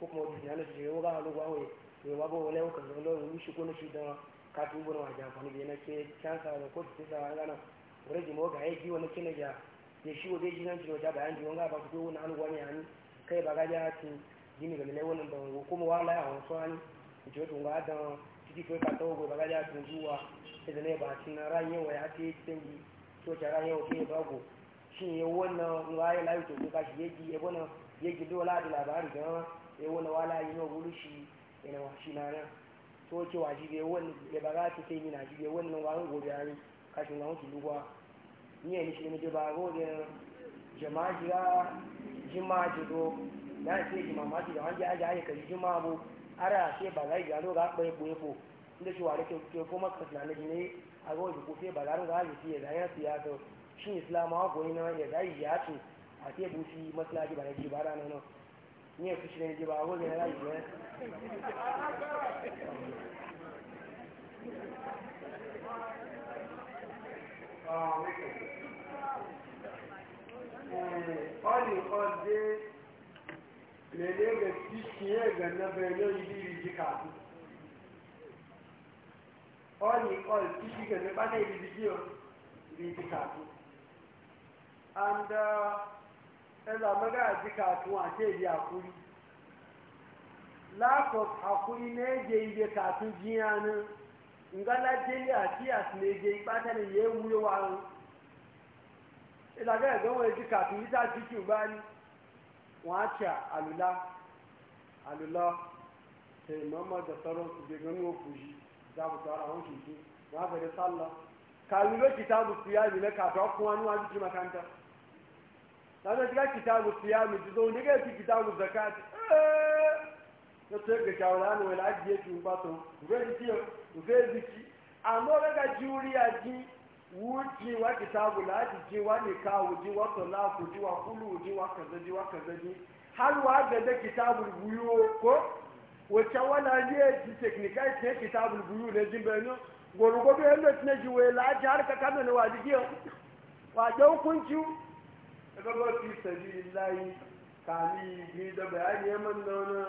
ko kuma na shi yo ga lugo wayo ne wa go ne ko kan lo shi ko ne shi da na ga na wani jima ga haiki wani kina ja ya shi waje jinan jino ja bayan jino ga ba ku wani an gwani an kai ba gaja ya ci jini ga milai wani ban ko kuma wala ya wasu an ji wato ga adam ciki kai ka tawo ba gaja ya ci zuwa sai da ne ba cin ran yawa ya ce canji to ta ran yawa ke bago shi ya wannan ga ya to ka shi yaji ya wannan yaji dola da labari ga ya wannan wala yi no gulushi ina shi na nan to ce wajibi wannan ya ba ga ta sai ni na jibi wannan wa gobe ari kashin ga wuce lugwa ni ni shi ne dubaro da jama'ira jima'iro na ce jima'maji da wanda aji aji kari jima'abu ara ce ba zai gano ga ɓoye ɓoye ko inda shi ware ke kuma kasna na jini a ga wajen kofe ba zaro ga aji fiye da yan siyasa shi islamawa goyi na ya zai ya ce a ce bushi masalaji ba na ji ba ranar nan ní ẹ̀kú ṣe ẹ̀jẹ̀ bá wọ́n yẹn láì jẹ́. Ọlì ọdẹ lèlé rẹ̀ tí kí é gẹ̀nà bẹ̀rẹ̀ lórí bí ìrìjì kàtó. Ọlì ọdẹ tí kí gẹ̀nà bá náà ìrìjì o, ìrìjì kàtó. And ẹlà mẹ́gà ìrìjì kàtó àti èdè àkúrí. Lack of àkúrí náà jẹ́ ìdè kàtó jíyàn náà ngala jeli ati asileje ipata ni ye wuye waru ilaga ẹgbẹ wọn eji kàtó yíta títí bá ní wọn á tẹ àlùlá àlùlá tẹ mọmọ dọtọrọ ìgbẹgbẹ ní òkú yìí dábùtọ ara wọn kì í dé wọn á bẹ̀rẹ̀ sálọ kàwé ló kìtàbù fìyàmì lẹ kàtó ọkùn wa níwájú tí makanta lọ́dọ̀ tí ká kìtàbù fìyàmì tuntun oníkẹ́ ti kìtàbù zakati ẹ́ẹ́ tó gbè kí àwọn àánú ẹ̀là jí ètò ìgbà tó ìfẹ́ ìdí ẹ̀ ìfẹ́ ìdí tí àmọ́ rẹ́gà jí orí ají wú jí wá kìtà wò láti jí wá nìka wò jí wá tọ̀ láàfò jí wá kúlù wò jí wá kẹ̀sẹ̀ jí wá kẹ̀sẹ̀ jí hálù wá gẹ̀dẹ̀ kìtà wò wúyú kó wò tí wọ́n náà yé ti tẹkìnìkà ìtẹ́ kìtà wò wúyú lè jí bẹ́ẹ̀ ní gbòrògbò bí ẹnu tẹ̀ jí wò ẹ̀là ajá rẹ̀ kàkà mẹ́rin wà jíjí ẹ̀ wà jẹ́ òkú ń jíw ẹgbẹ́ bọ́ ti sẹ̀bi láyé kàní ìgbìndọ̀bẹ̀ á ní ẹ̀mọ́ náà náà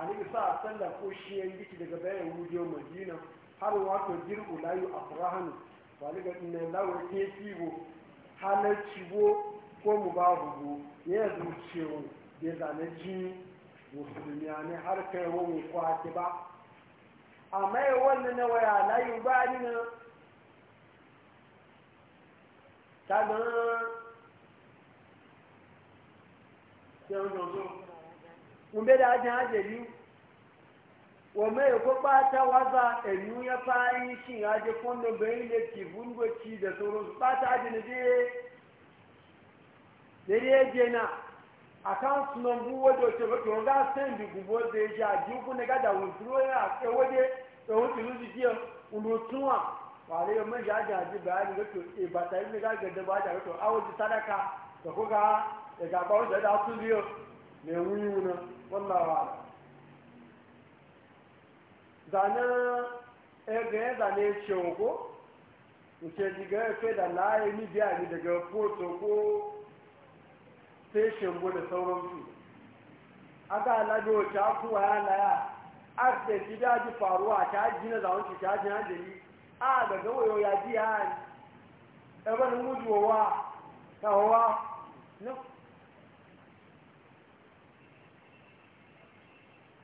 annabi sa sallan ko shi ya yi daga bayan wujo madina har wato jirgu layu afrahan wani ga inna lawa ke tibo halarci go ko mu ba hugu ya zuciyo da zane jini musulmi ne har kai mu kwaki ba amma ya wannan na waya layu ba ni na ta ga yan zozo umbe da ajin ajali wa mai ko bata waza enyu ya fayin shi aje kondo bayin da ki bungo da sauran su je na je na account number wodo ga gubo da ya wode e tuwa wale yo ja ja ji bayani ga e ba tai ne ga ba ja to awo ji sadaka da ko ga wallahu a'lam zana ege zane shogo nke diga fe da laye daga porto ko station bo da aga alado ta kuwa ya laya faruwa ta ji na zawon ci ta ji hanjali a ga wayo ya di ya ebe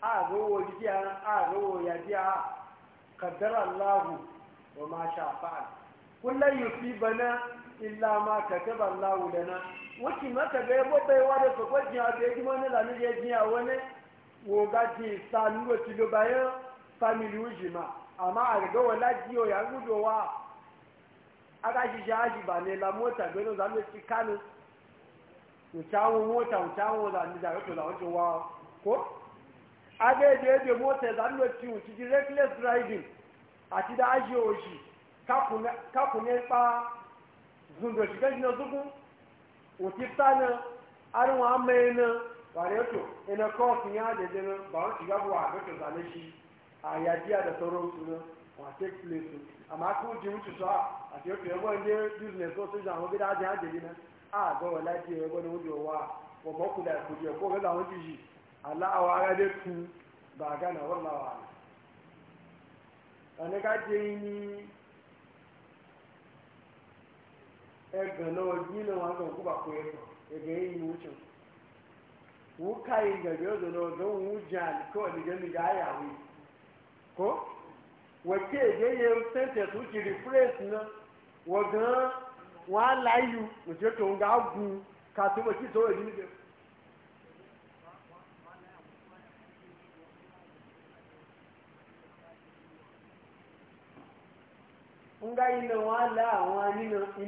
a ga wo jiya a ga wo ya jiya qaddara Allah wa ma sha fa'al kullu yusibana illa ma kataba Allah lana wuki mata ga yabo bai wa da so kwaji a ga jima na lanu je jiya wani wo ga ji sa nuwa ti do bayan family ujima amma a ga wala jiyo ya gudowa aka ji jaji ba ne la mota gbe no zamu ti kanu mu chawo mota mu chawo la ni da to la wa ko agẹ́dẹ̀ ẹgbẹ̀ mọ́tẹ̀ dánúwẹ̀ tí ó ti di reckless driving àti dáájẹ́ òjì kápùnẹ́ pa zùndọ̀ ṣìkẹ́ jìnà zúgún òtí tánà arúnwọ̀n amẹ́ iná wàrẹ́tò iná kọ́ọ̀kì ní àjẹ́jẹ́ náà bàwọn ti gbàgbọ́ àgbẹ̀tọ̀ zàlẹ́ sí àyàjí àdàtọ̀rọ̀ oṣù náà wọ́n take place àmọ́ akó di oṣù sọ àti oṣù ẹgbẹ́ ilé business tó ṣojú àwọn gbé dáájẹ́ àjẹ́jẹ́ náà àgọ́wọ̀ láti ẹgbẹ́ ni wọ́n jọ wá ọ̀gbọ́kùnrin àkùnjẹ́ kó ala ara dé tu bàgá náà wọ́n máa wà ní. Tàníká jẹ́ ní ẹgbẹ̀n náà na ni ó Wò ká yìí gàgbé ọ̀dọ̀ náà ọ̀dọ̀ òun ó jẹ àlùkò ọ̀dẹ̀gẹ́ mi dáa yà wí. Kó wọ́n ké èdè yẹ sẹ́ńtẹ̀ tó na rìfúrẹ́sì náà wọ́n gan gùn kàtó nga yi na wọn a àwọn na ìmìtì wọn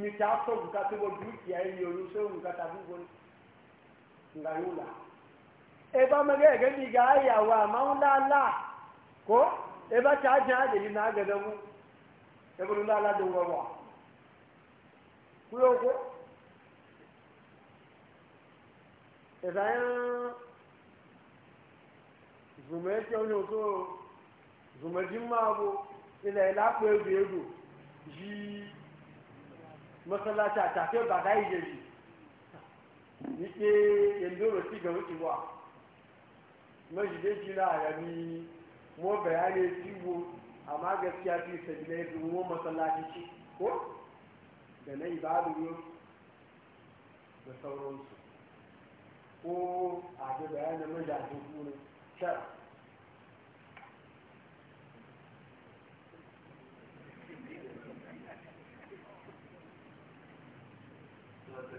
nga yóò la. eba mẹgẹ ẹgẹ bi ga ayàwó àmàwọn lálá kó eba tí a jẹ àdèyí náà gẹdẹ mú ebolo lálá dùn wọn wà kúló kó. ẹ̀sà yi masalaci a ba da yi jeji ni ke yanzu rosi ga wuce wa majide ji na arami mo bayani tiwo a magaskiya fi sabilai domin masalaci ci ko da na ibadu yau da sauransu ko a da bayanin majalisun shara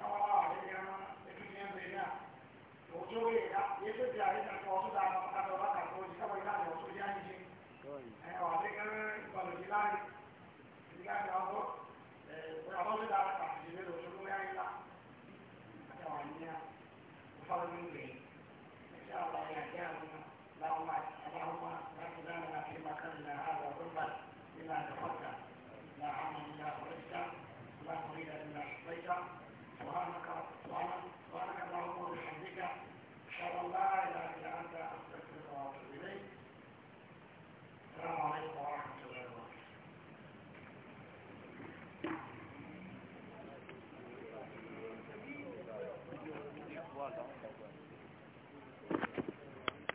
啊，你看，你看这边，六十块钱，也是比较一点高一点，看到他讲过去，看到他六十块钱一斤，哎呀，话这个高头去哪里？你看，然后，呃，我也是在大润发六十多块钱一斤，哎呀，我操，你妹，现在我来讲讲，老外，老外，老外，现在那起码肯定要二十多块，你来。